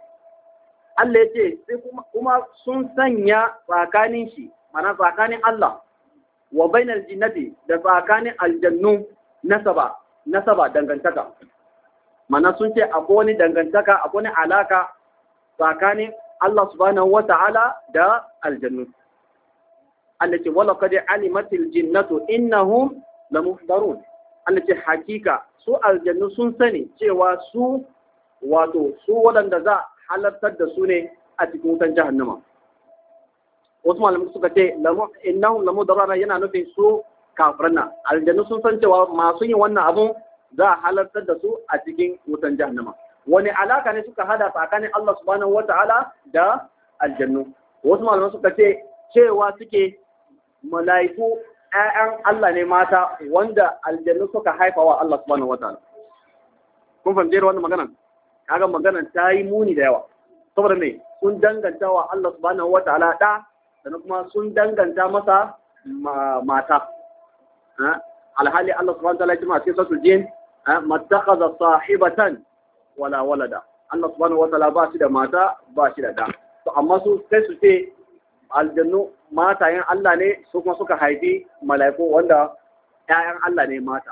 Allah ya ce sai kuma sun sanya tsakanin shi mana tsakanin Allah wa bainal jinnati da tsakanin aljannu nasaba dangantaka mana sun ce akwai wani dangantaka akwai wani alaka tsakanin Allah subhanahu wa ta'ala da aljannu Allah ce wala alimatil jinnatu innahum lamuhdarun Allah ce hakika su aljannu sun sani cewa su wato su waɗanda za halartar da su ne a cikin wutan jahannama wasu malamai suka ce innahum lamu rana yana nufin su kafiran aljannu sun san cewa masu yin wannan abun za a halartar da su a cikin wutan jahannama wani alaka ne suka hada tsakanin Allah subhanahu Ta'ala da aljannu wasu malamai suka ce cewa suke mala'iku ‘ya'yan Allah ne mata wanda aljannu suka haifa wa Allah subhanahu wa ta'ala. Kun fahimce da wannan maganan? Kaga maganan ta yi muni da yawa. Saboda me sun danganta wa Allah subhanahu wa ta'ala ɗa sannan kuma sun danganta masa mata. Alhali Allah subhanahu wa ta'ala ya masu sai su jin mattakhadha sahibatan wala walada. Allah subhanahu wa ta'ala ba shi da mata ba shi da ɗa. To amma su sai su ce aljannu matayen Allah ne su kuma suka haifi mala'iku wanda ‘ya'yan Allah ne mata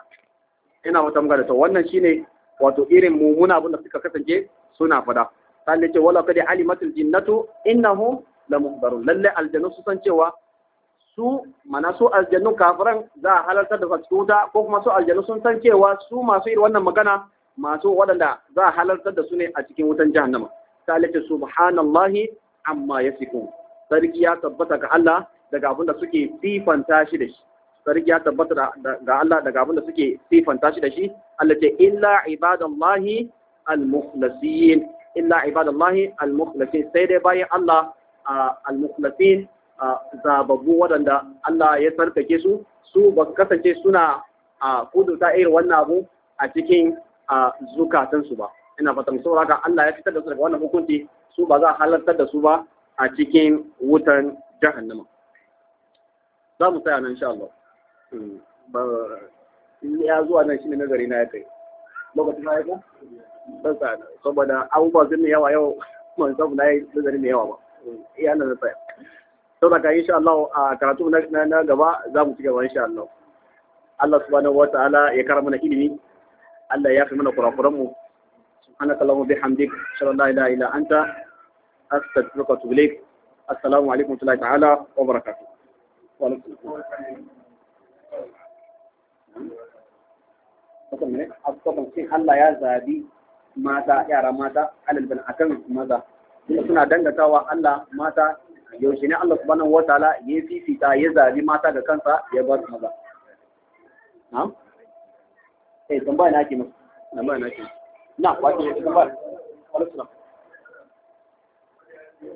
ina wata magana to wannan shine wato irin mummuna abin suka kasance suna fada Sallai ce wala kadi alimatul jinnatu innahu la muhbarun lalle aljannu su san cewa su mana su aljannu kafiran za a halartar da su wuta ko kuma su aljannu sun san cewa su masu irin wannan magana masu waɗanda za a halartar da su ne a cikin wutan jahannama Sallai ce subhanallahi amma ya yasifun sarki ya tabbata ga Allah daga abin da suke sifanta shi da shi sarki ya tabbata ga Allah daga abin da suke sifanta shi da shi Allah ce illa ibadallahi almukhlasin illa ibadallahi al sai dai bayan Allah al-mukhlasin zababbu waɗanda Allah ya sarkake su su ba kasance suna kuduta irin wannan abu a cikin zukatansu ba ina fatan saboda Allah ya fitar da su daga wannan hukunci su ba za a halartar da su ba a cikin wutan jahannama za mu tsaya nan sha Allah hmm. ya zuwa nan shi ne nazari na ya kai lokacin na ya ko zan tsaya nan saboda abubuwa sun yawa yau ban sabu na yi nazari ne yawa ba iya nan tsaya sau da yi insha Allah a karatu na gaba za mu ci gaba insha Allah Allah subhanahu wa ta'ala ya kara mana ilimi Allah ya fi mana kurakuranmu subhanakallahumma bihamdik shallallahu la ilaha illa anta astaghfiruka wa wa Allah ya zabi mata yara mata alal bin akan maza suna Allah mata yaushe ne Allah subhanahu wa ta'ala ya fifita ya zabi mata ga kansa ya ba su maza na'am eh tambaya na ke musu tambaya na ke na wato tambaya alaikum to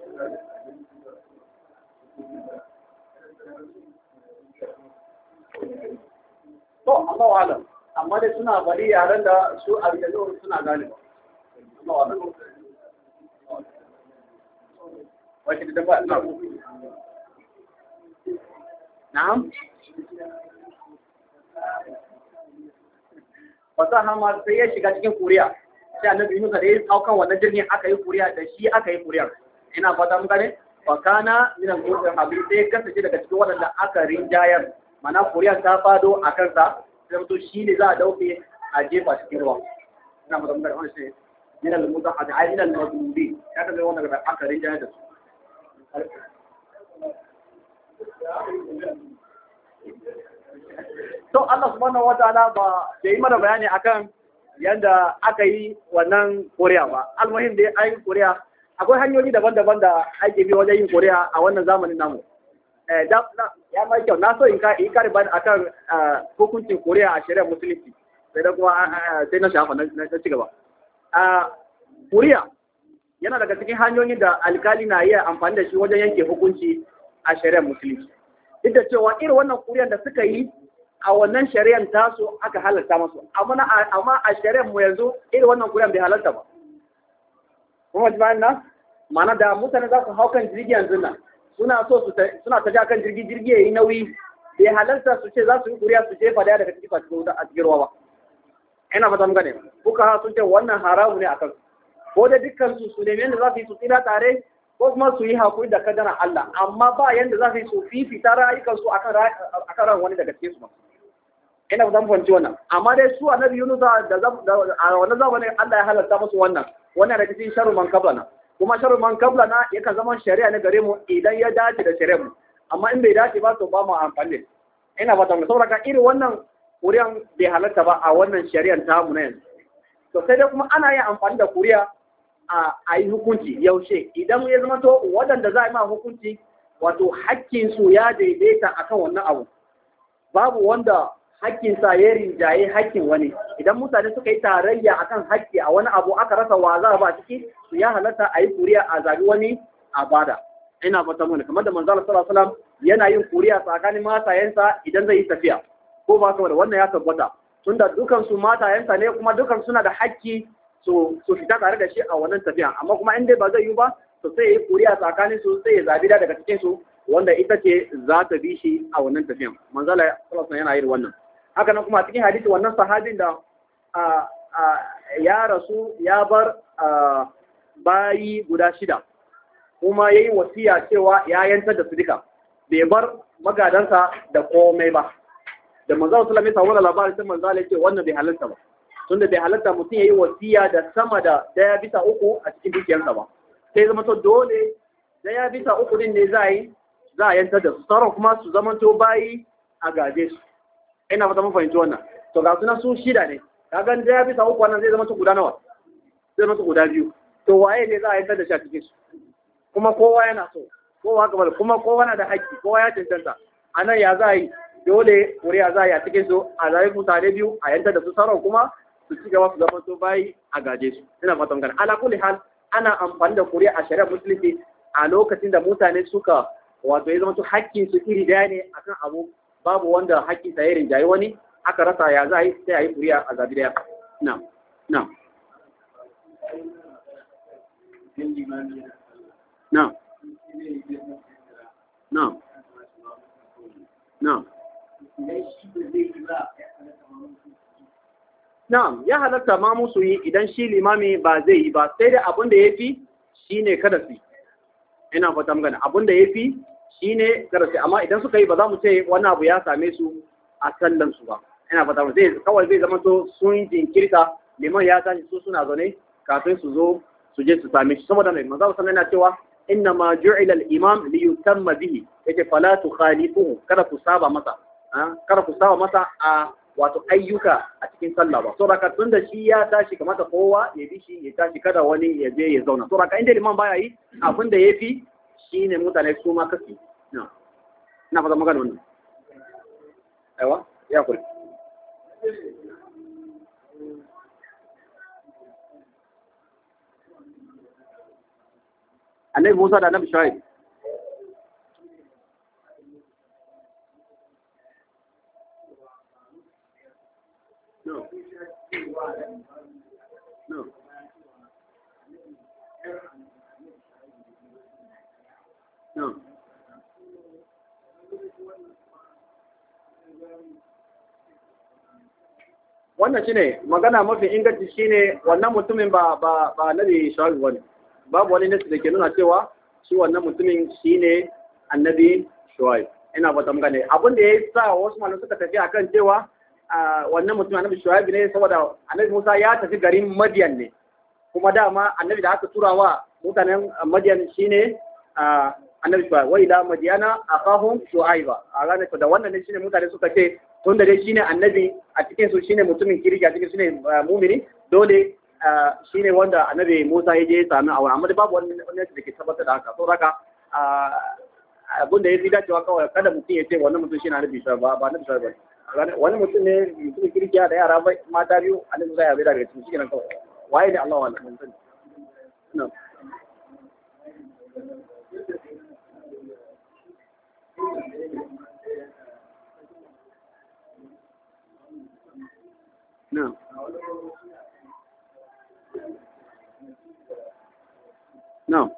amma wala amma dai suna bari yaren da su a rikin suna gane amma wala wace da ba ina na'am Wata hama sai ya shiga cikin kuriya sai annabi Musa da ya kan wannan jirgin aka yi kuriya da shi aka yi kuriya. ina fata mun gane fa kana min al-mutahab sai kasance daga cikin waɗanda aka rinjayar mana koriya ta fado a kansa sai mutum shine za a dauke a jefa cikin ruwa ina fata mun gane wannan shi min al-mutahab ai ila al-madubi ya ta zama wannan aka rinjayar da su to Allah subhanahu wataala ba da yi mana bayani akan yanda aka yi wannan Koriya ba almuhim dai ayin Koriya akwai hanyoyi daban-daban da ake bi wajen yin koriya a wannan zamanin namu eh, ya mai kyau na so in kare a akan eh, hukuncin koriya a shari'ar musulunci sai da kuma eh, sai na shafa na ci gaba koriya yana daga cikin hanyoyin da alkali na iya amfani da shi wajen yanke hukunci a shari'ar musulunci duk da cewa irin wannan kuriyar da suka yi a wannan shari'ar tasu aka halarta masu amma a shari'ar mu yanzu irin wannan kuriyar bai halarta ba kuma ji na, nan mana da mutane za su hau kan jirgi yanzu nan suna so su suna tafiya kan jirgi jirgi ya yi nauyi bai halarta su ce za su yi kuriya su jefa daya daga ciki a cikin a cikin ruwa ba ina fata muka ne kuka sun ce wannan haramu ne kansu ko da dukkan su su nemi yadda za su yi su tsira tare ko kuma su yi hakuri da kadana Allah amma ba yadda za su yi su fifita su akan akan ran wani daga cikin su ba ina ba zan fahimci wannan amma dai su annabi Yunus da a wannan zamanin Allah ya halarta musu wannan wannan daga cikin sharu man kablana kuma sharu man kablana yakan zama shari'a ne gare mu idan ya dace da shari'a mu amma in bai dace ba to ba mu amfani ina ba zan saboda ka irin wannan kuriyan bai halarta ba a wannan shari'an ta mu na yanzu to sai dai kuma ana yin amfani da kuriya a yi hukunci yaushe idan ya zama to waɗanda za a yi ma hukunci wato hakkin su ya daidaita akan wannan abu babu wanda hakkin sa ya rinjaye hakkin wani idan mutane suka yi tarayya akan hakki a wani abu aka rasa wa za ba ciki su ya halatta a yi kuriya a zabi wani a bada ina fata mana kamar da manzala sallallahu alaihi wasallam yana yin kuriya tsakanin matayensa idan zai yi tafiya ko ba saboda wannan ya tabbata tunda dukan su matayensa ne kuma dukan suna da hakki su su fita tare da shi a wannan tafiya amma kuma in dai ba zai yi ba to sai yi kuriya tsakanin su sai ya zabi da daga cikin su wanda ita ce za ta bi shi a wannan tafiyan manzala sallallahu alaihi wasallam yana yin wannan haka nan kuma cikin hadisi wannan sahabin da ya rasu ya bar bayi guda shida kuma ya yi wasiya cewa ya yantar da su bai bar magadansa da komai ba da manzan sallallahu alaihi wasallam labarin sai manzo ya ce wannan bai halarta ba da bai halarta mutum ya yi wasiya da sama da daya bisa uku a cikin dukiyarsa ba sai zama to dole daya bisa uku din ne za a yantar da su sauran kuma su zamanto bayi a gaje su ina fata mun fahimci wannan to ga sunan su shida ne kaga da ya bisa uku wannan zai zama su guda nawa zai zama su guda biyu to waye ne za a yi da shi a cikin su kuma kowa yana so kowa gaba kuma kowa na da haƙƙi kowa ya cancanta a nan ya za a yi dole ƙuri'a za a yi a cikin su a zaɓi mutane biyu a yanta da su sarau kuma su ci gaba su zama su bayi a gaje su ina fatan gani ala kulli hal ana amfani da ƙuri'a a shari'ar musulunci a lokacin da mutane suka wato ya zama su haƙƙin su iri daya ne akan abu babu wanda haƙƙi sa ya rinjaye wani aka rasa ya za yi sai a yi kuriya a zabi daya na na na na na na ya halatta ma musu yi idan shi limami ba zai yi ba, sai da abin da ya fi shi ne kada su Ina fata magana, abinda ya fi shi ne darasi amma idan suka yi ba za mu ce wani abu ya same su a sallan su ba ina fata mu zai kawai zai zama to sun jinkirta liman ya tashi su suna zaune kafin su zo su je su same shi saboda mai manzo sallallahu yana cewa inna ma ju'ila al-imam li yutamma bihi yake fala khalifuhu kada ku saba masa kada ku saba masa a wato ayyuka a cikin sallah ba saboda tun da shi ya tashi kamata kowa ya bi shi ya tashi kada wani ya je ya zauna saboda inda liman baya yi abin da yafi shine mutane su ma kasi ina fata magana wannan aiwa ya kuri annabi musa da annabi shuaib wannan shine magana mafi inganci shine wannan mutumin ba ba ba annabi shu'aib wani babu wani nasi da ke nuna cewa shi wannan mutumin shine annabi shu'aib ina fata mun gane abin da ya sa wasu malamai suka tafi akan cewa wannan mutumin annabi shu'aib ne saboda annabi Musa ya tafi garin Madiyan ne kuma dama annabi da aka tura wa mutanen shi shine annabi shu'aib wa ila madiyana akahum shu'aiba a ranar da wannan ne shine mutane suka ce tunda dai shine annabi a cikin su shine mutumin kirki a cikin shine uh, mumini dole uh, shine wanda annabi Musa ya je sami aure amma babu wani su da ke tabbatar da haka saboda haka uh, abin da ya fi dacewa kawai kada mutum ya ce wannan mutum shine annabi Isa ba ba annabi Isa ba wani mutum ne mutumin kirki da yara mata biyu annabi Musa ya bai daga cikin shi kawai waye ne Allah wallahi mun Thank you. Não. Não.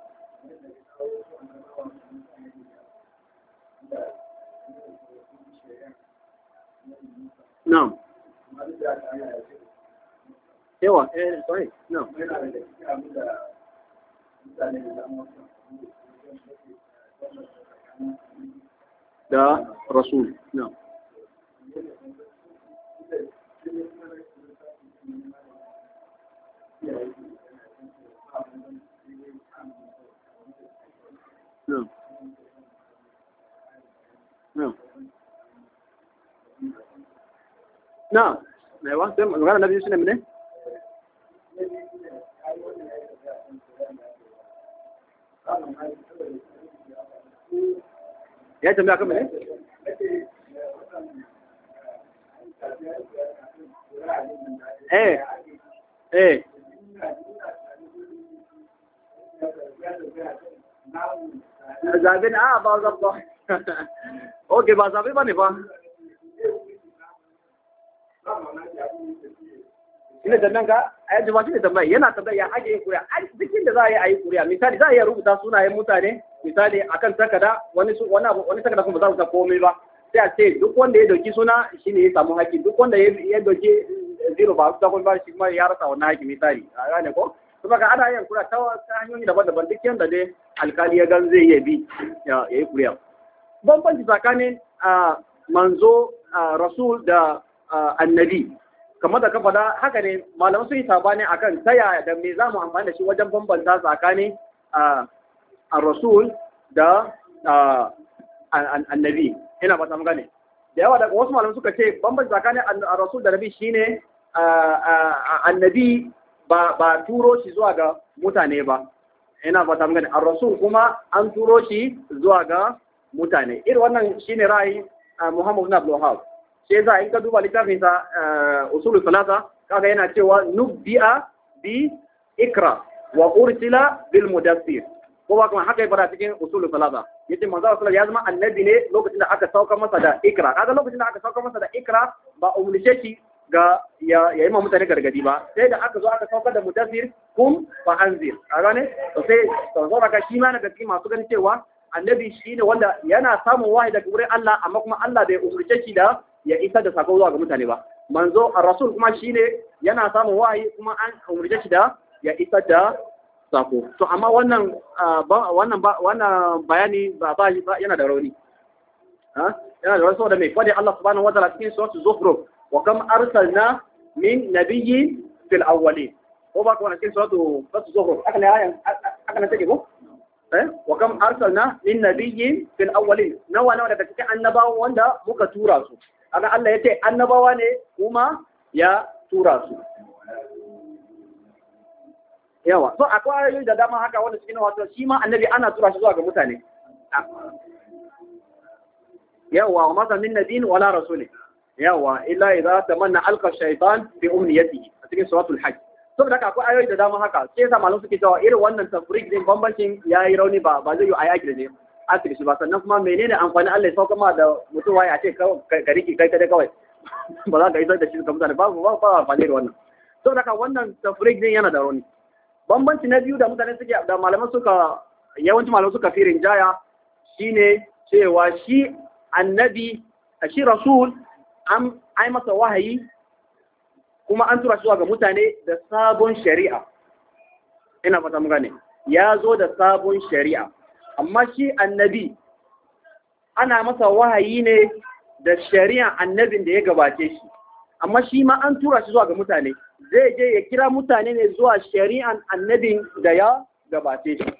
Não. Eu, é, só aí. Não. Da Rasul. Não. نعم نعم نعم ايوه تم قال النبي صلى الله عليه وسلم ne ya tambaya kan ne eh eh Zabin, a ah, ba zan ba. [laughs] Ok, ba zabi ba ne ba. Ina tambayan ka, a yanzu ba shi ne tambaya, yana tambaya ya ake yin kuriya. Duk da za a yi a yi kuriya, misali za a yi rubuta sunayen mutane, misali a kan takada, wani takada kuma za su ta komai ba. Sai a ce duk wanda ya doki suna shi ne ya samu haƙƙi, duk wanda ya doki zero ba a kusa komai shi kuma ya rasa wannan haƙƙi misali. A gane ko? kuma ka ana yin kura ta hanyoyi daban-daban duk yadda dai alkali ya gan zai iya bi ya yi kuriya bambanci tsakanin manzo rasul da annabi kamar da ka faɗa haka ne malamu sun yi sabani a kan taya da me za mu amfani da shi wajen bambanta tsakanin rasul da annabi ina ba ta gane da yawa daga wasu malamu suka ce bambanci tsakanin rasul da nabi shine annabi ba ba turo shi zuwa ga mutane ba ina fata mun gani ar-rasul kuma an turo shi zuwa ga mutane irin wannan shine ra'ayi Muhammad ibn Abdul Wahhab sai za in ka duba littafin sa usulul salasa kaga yana cewa nubbi'a bi ikra wa ursila bil mudaththir ko ba kuma haka ibara cikin usulul salasa yace manzo sallallahu alaihi ya zama annabi ne lokacin da aka sauka masa da ikra kaga lokacin da aka sauka masa da ikra ba umulshe shi ga ya yi ma mutane gargadi ba sai da aka zo aka saukar da mudassir kum fa anzir a gane to sai to zo raka shi ma na gaske masu ganin cewa annabi shi ne wanda yana samun wahayi daga wurin Allah amma kuma Allah bai umurce shi da ya isa da sako zuwa ga mutane ba manzo ar-rasul kuma shi ne yana samun wahayi kuma an umurce shi da ya isa da sako to amma wannan wannan wannan bayani ba ba yana da rauni ha yana da rauni saboda mai fadi Allah subhanahu wa ta'ala cikin suratul zukhruf wa kam arsalna min nabiyyin fil awwalin ko ba kuma cikin suratu fasu zuhur aka ne ayan aka ne take ko eh? wa kam arsalna min nabiyyin fil awwalin nawa nawa daga cikin annabawa wanda muka tura su aka Allah yace annabawa ne kuma ya tura su yawa so akwai ayoyi da dama haka wanda cikin wato shi ma annabi ana tura shi zuwa ga mutane yawa wa masa min nabiyin wala rasulin yawa illa idza tamanna alqa shaytan bi umniyatihi a cikin suratul hajj saboda haka akwai ayoyi da dama haka sai yasa malamu suke cewa irin wannan tafrik din bambancin yayi rauni ba ba zai yi ayi akida ne asiri shi ba sannan kuma menene amfani Allah ya sauka ma da mutum waye a ce ka riki kai kada kawai [laughs] ba za ka isar da shi ga mutane ba ba ba amfani da wannan saboda haka wannan tafrik din yana da rauni bambanci na biyu da mutane suke da malaman suka yawanci malaman suka firin jaya shine cewa shi annabi shi rasul an ai masa wahayi kuma an tura zuwa ga mutane da sabon shari'a ina fata mun gane ya zo da sabon shari'a amma shi annabi ana masa wahayi ne da shari'a annabin da ya gabace shi amma shi ma an tura shi zuwa ga mutane zai je ya kira mutane ne zuwa shari'an annabin da ya gabace shi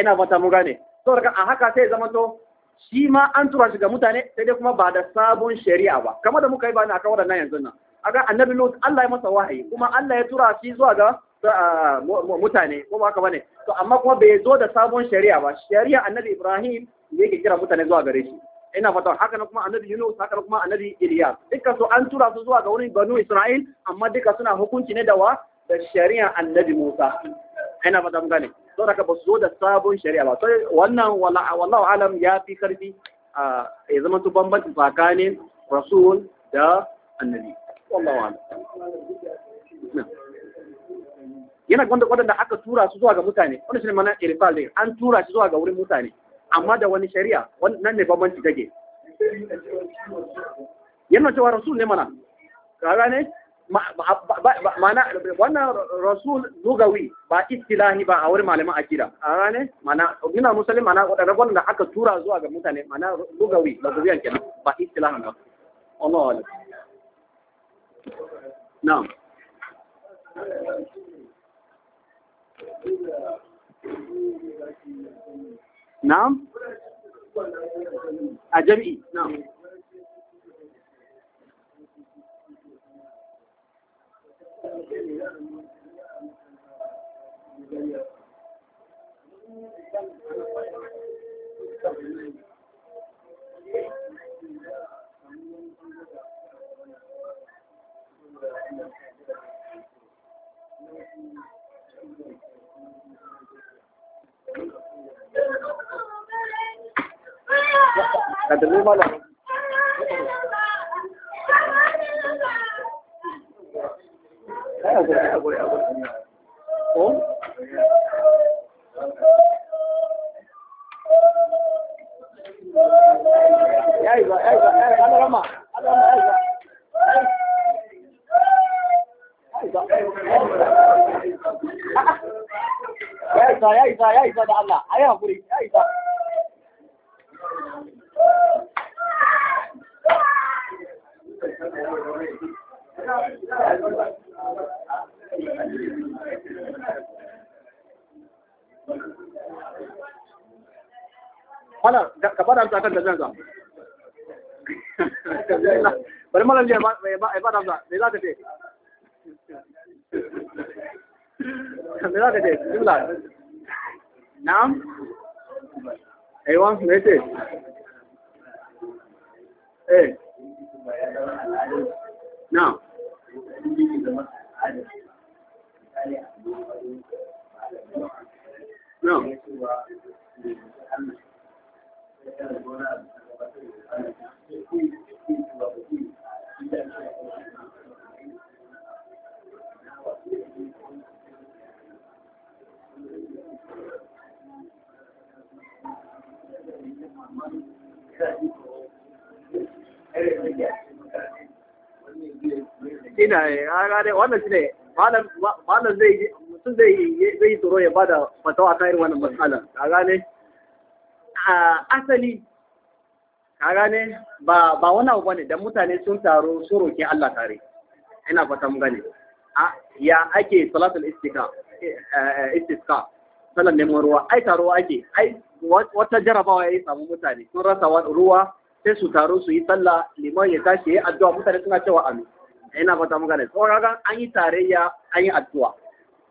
ina fata mun gane saboda a haka sai zama to shi ma an tura shi ga mutane sai dai kuma ba da sabon shari'a ba kamar da muka yi ba na akan waɗannan yanzu nan aga annabi lut Allah ya masa wahayi kuma Allah ya tura shi zuwa ga mutane ko ba ka bane to amma kuma bai zo da sabon shari'a ba shari'a annabi Ibrahim ne yake kira mutane zuwa gare shi ina fata haka kuma annabi Yunus haka kuma annabi Ilyas dukkan su an tura su zuwa ga wurin Banu Isra'il amma duka suna hukunci ne da wa da shari'a annabi Musa ina fata mun gane don haka ba su zo da sabon shari'a ba sai wannan wallahu alam ya fi karfi a ya zama su bambanci tsakanin rasul da annabi wallahu alam yana gwanda wadanda aka tura su zuwa ga mutane wannan shi ne mana irifal ne an tura shi zuwa ga wurin mutane amma da wani shari'a nan ne bambanci take yana cewa rasul ne mana ka ne mana wannan rasul lugawi ba istilahi ba a wurin malaman akida a rane mana nuna musulun mana ragon da aka tura zuwa ga mutane mana lugawi da zuriyan kenan ba istilahi ba Allah wala na. na'am a jami'i na'am Kadar malam. ايوه ايوه انا رمى انا رمى ايوه ايوه ايوه ايوه ايوه ده الله ايوه بري ايوه Thank you. fada ka fada ta kan da zan bari malam ya ba ya ba da me za ka ce me za ka ce bismillah na'am aiwan me ce dai wannan shine malam malam zai yi mutum zai yi zai yi tsoro ya bada fatawa kan irin wannan matsalar ka gane asali ka gane ba ba wani abu bane dan mutane sun taro sun roki Allah tare ina fata mun gane ya ake salatul istika eh, istiska sallar neman ruwa ai taro ake ai wata jarabawa ya samu mutane sun rasa ruwa sai su taro su yi sallah liman ya tashi ya addu'a mutane suna cewa amin ina fata mu gane saboda kaga an yi tarayya an yi addu'a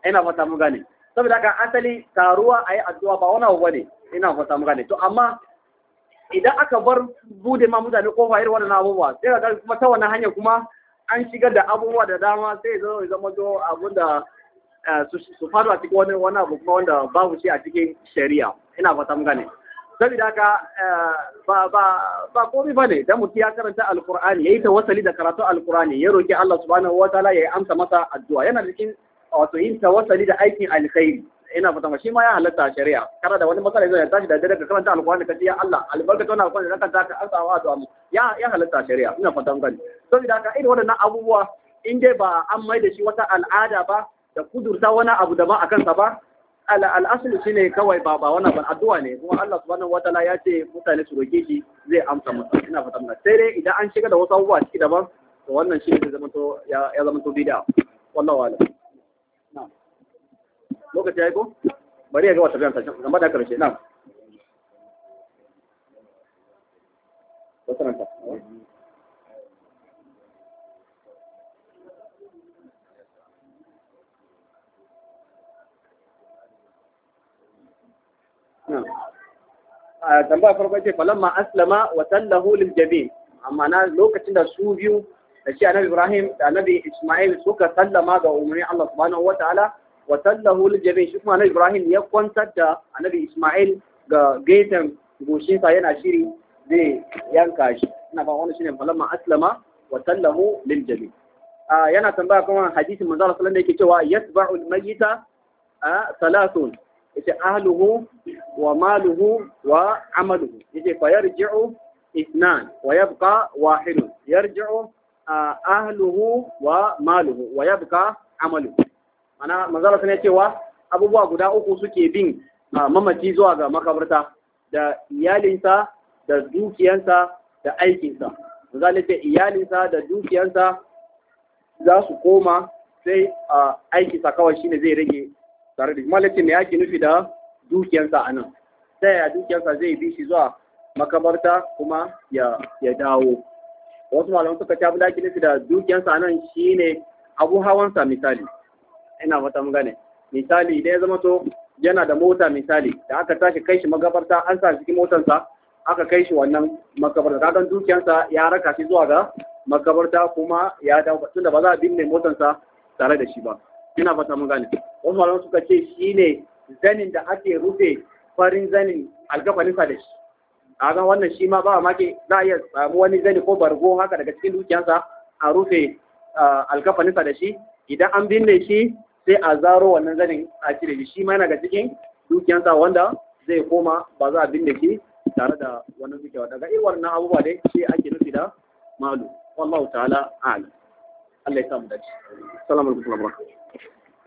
ina fata mu gane saboda ka asali taruwa ayi addu'a ba wani abu bane ina fata mu to amma idan aka bar bude ma mutane kofa irin wannan abubuwa sai ka kuma ta wannan hanya kuma an shigar da abubuwa da dama sai zo ya zama to abunda eh, su faru a cikin wani abu kuma wanda babu shi a cikin shari'a ina fata mu saboda haka eh, ba ba ba komai bane dan mutum ya karanta alqur'ani yayi tawassuli da karatu alqur'ani ya roki Allah subhanahu wataala ya amsa masa addu'a yana cikin wato yin tawassuli da aikin alkhairi ina fata shi ma ya halatta shari'a kana da wani matsala zai tashi da daga karanta alqur'ani ka ce ya Allah albarka tana alqur'ani zaka ta ka amsa wa addu'a ya ya halatta shari'a ina fata gani saboda haka irin waɗannan abubuwa in dai ba an mai da shi wata al'ada ba da kudurta wani abu da ba a kansa ba al'asulu ne kawai ba ba wannan ban addu'a ne kuma Allah subhanahu wataala ya ce mutane su roke shi zai amsa musu ina fata mana sai dai idan an shiga da wasu abubuwa ciki daban to wannan shi zai zama to ya zama to bid'a wallahi wala na'am lokaci yayi ko bari ya ga wata bayan ta game da karshe a tambaya farko ce falamma aslama wa sallahu lil jabin amma na lokacin da su biyu da shi annabi Ibrahim da annabi Isma'il suka sallama ga umarni Allah subhanahu wa ta'ala wa sallahu lil jabin shi kuma annabi Ibrahim ya kwantar da annabi Isma'il ga gaitan goshinsa yana shiri zai yanka shi ina ba wannan shine falamma aslama wa sallahu lil jabin yana tambaya kuma hadisin manzo sallallahu alaihi wasallam da yake cewa yasba'ul mayyita salatun yace ahluhu wa maluhu wa amaluhu yace fa yarji'u wa yabqa واحد yarji'u ah, ahluhu wa maluhu wa yabqa amaluhu ana manzala sun cewa abubuwa guda uku suke bin ah, mamaci zuwa ga makabarta da iyalinsa da dukiyansa da aikinsa manzala ce iyalinsa da dukiyansa za su koma sai ah, aikinsa kawai shine zai rage tare da malakin me yake nufi da dukiyansa a nan ta yaya dukiyarsa zai bi shi zuwa makabarta kuma ya ya dawo wasu malamai suka ta bulaki nufi da dukiyansa a nan shine abu hawansa misali ina wata misali idan ya zama to yana da mota misali da aka tashi kai shi makabarta an sa cikin motarsa aka kai shi wannan makabarta kaga dukiyarsa ya raka shi zuwa ga makabarta kuma ya dawo tunda ba za a binne motarsa tare da shi ba ina fata mun gane wasu malaman suka ce shine zanin da ake rufe farin zanin alkafalinsa da shi a ga wannan shi ma ba ma ke za a iya samu wani zani ko bargo haka daga cikin dukiyansa a rufe alkafalinsa da shi idan an binne shi sai a zaro wannan zanin a cire shi shi ma yana ga cikin dukiyansa wanda zai koma ba za a binne shi tare da wannan dukiya daga irin wannan abubuwa dai sai ake nufi da malu wallahu ta'ala a'lam Allah ya samu dace assalamu alaikum wa rahmatullahi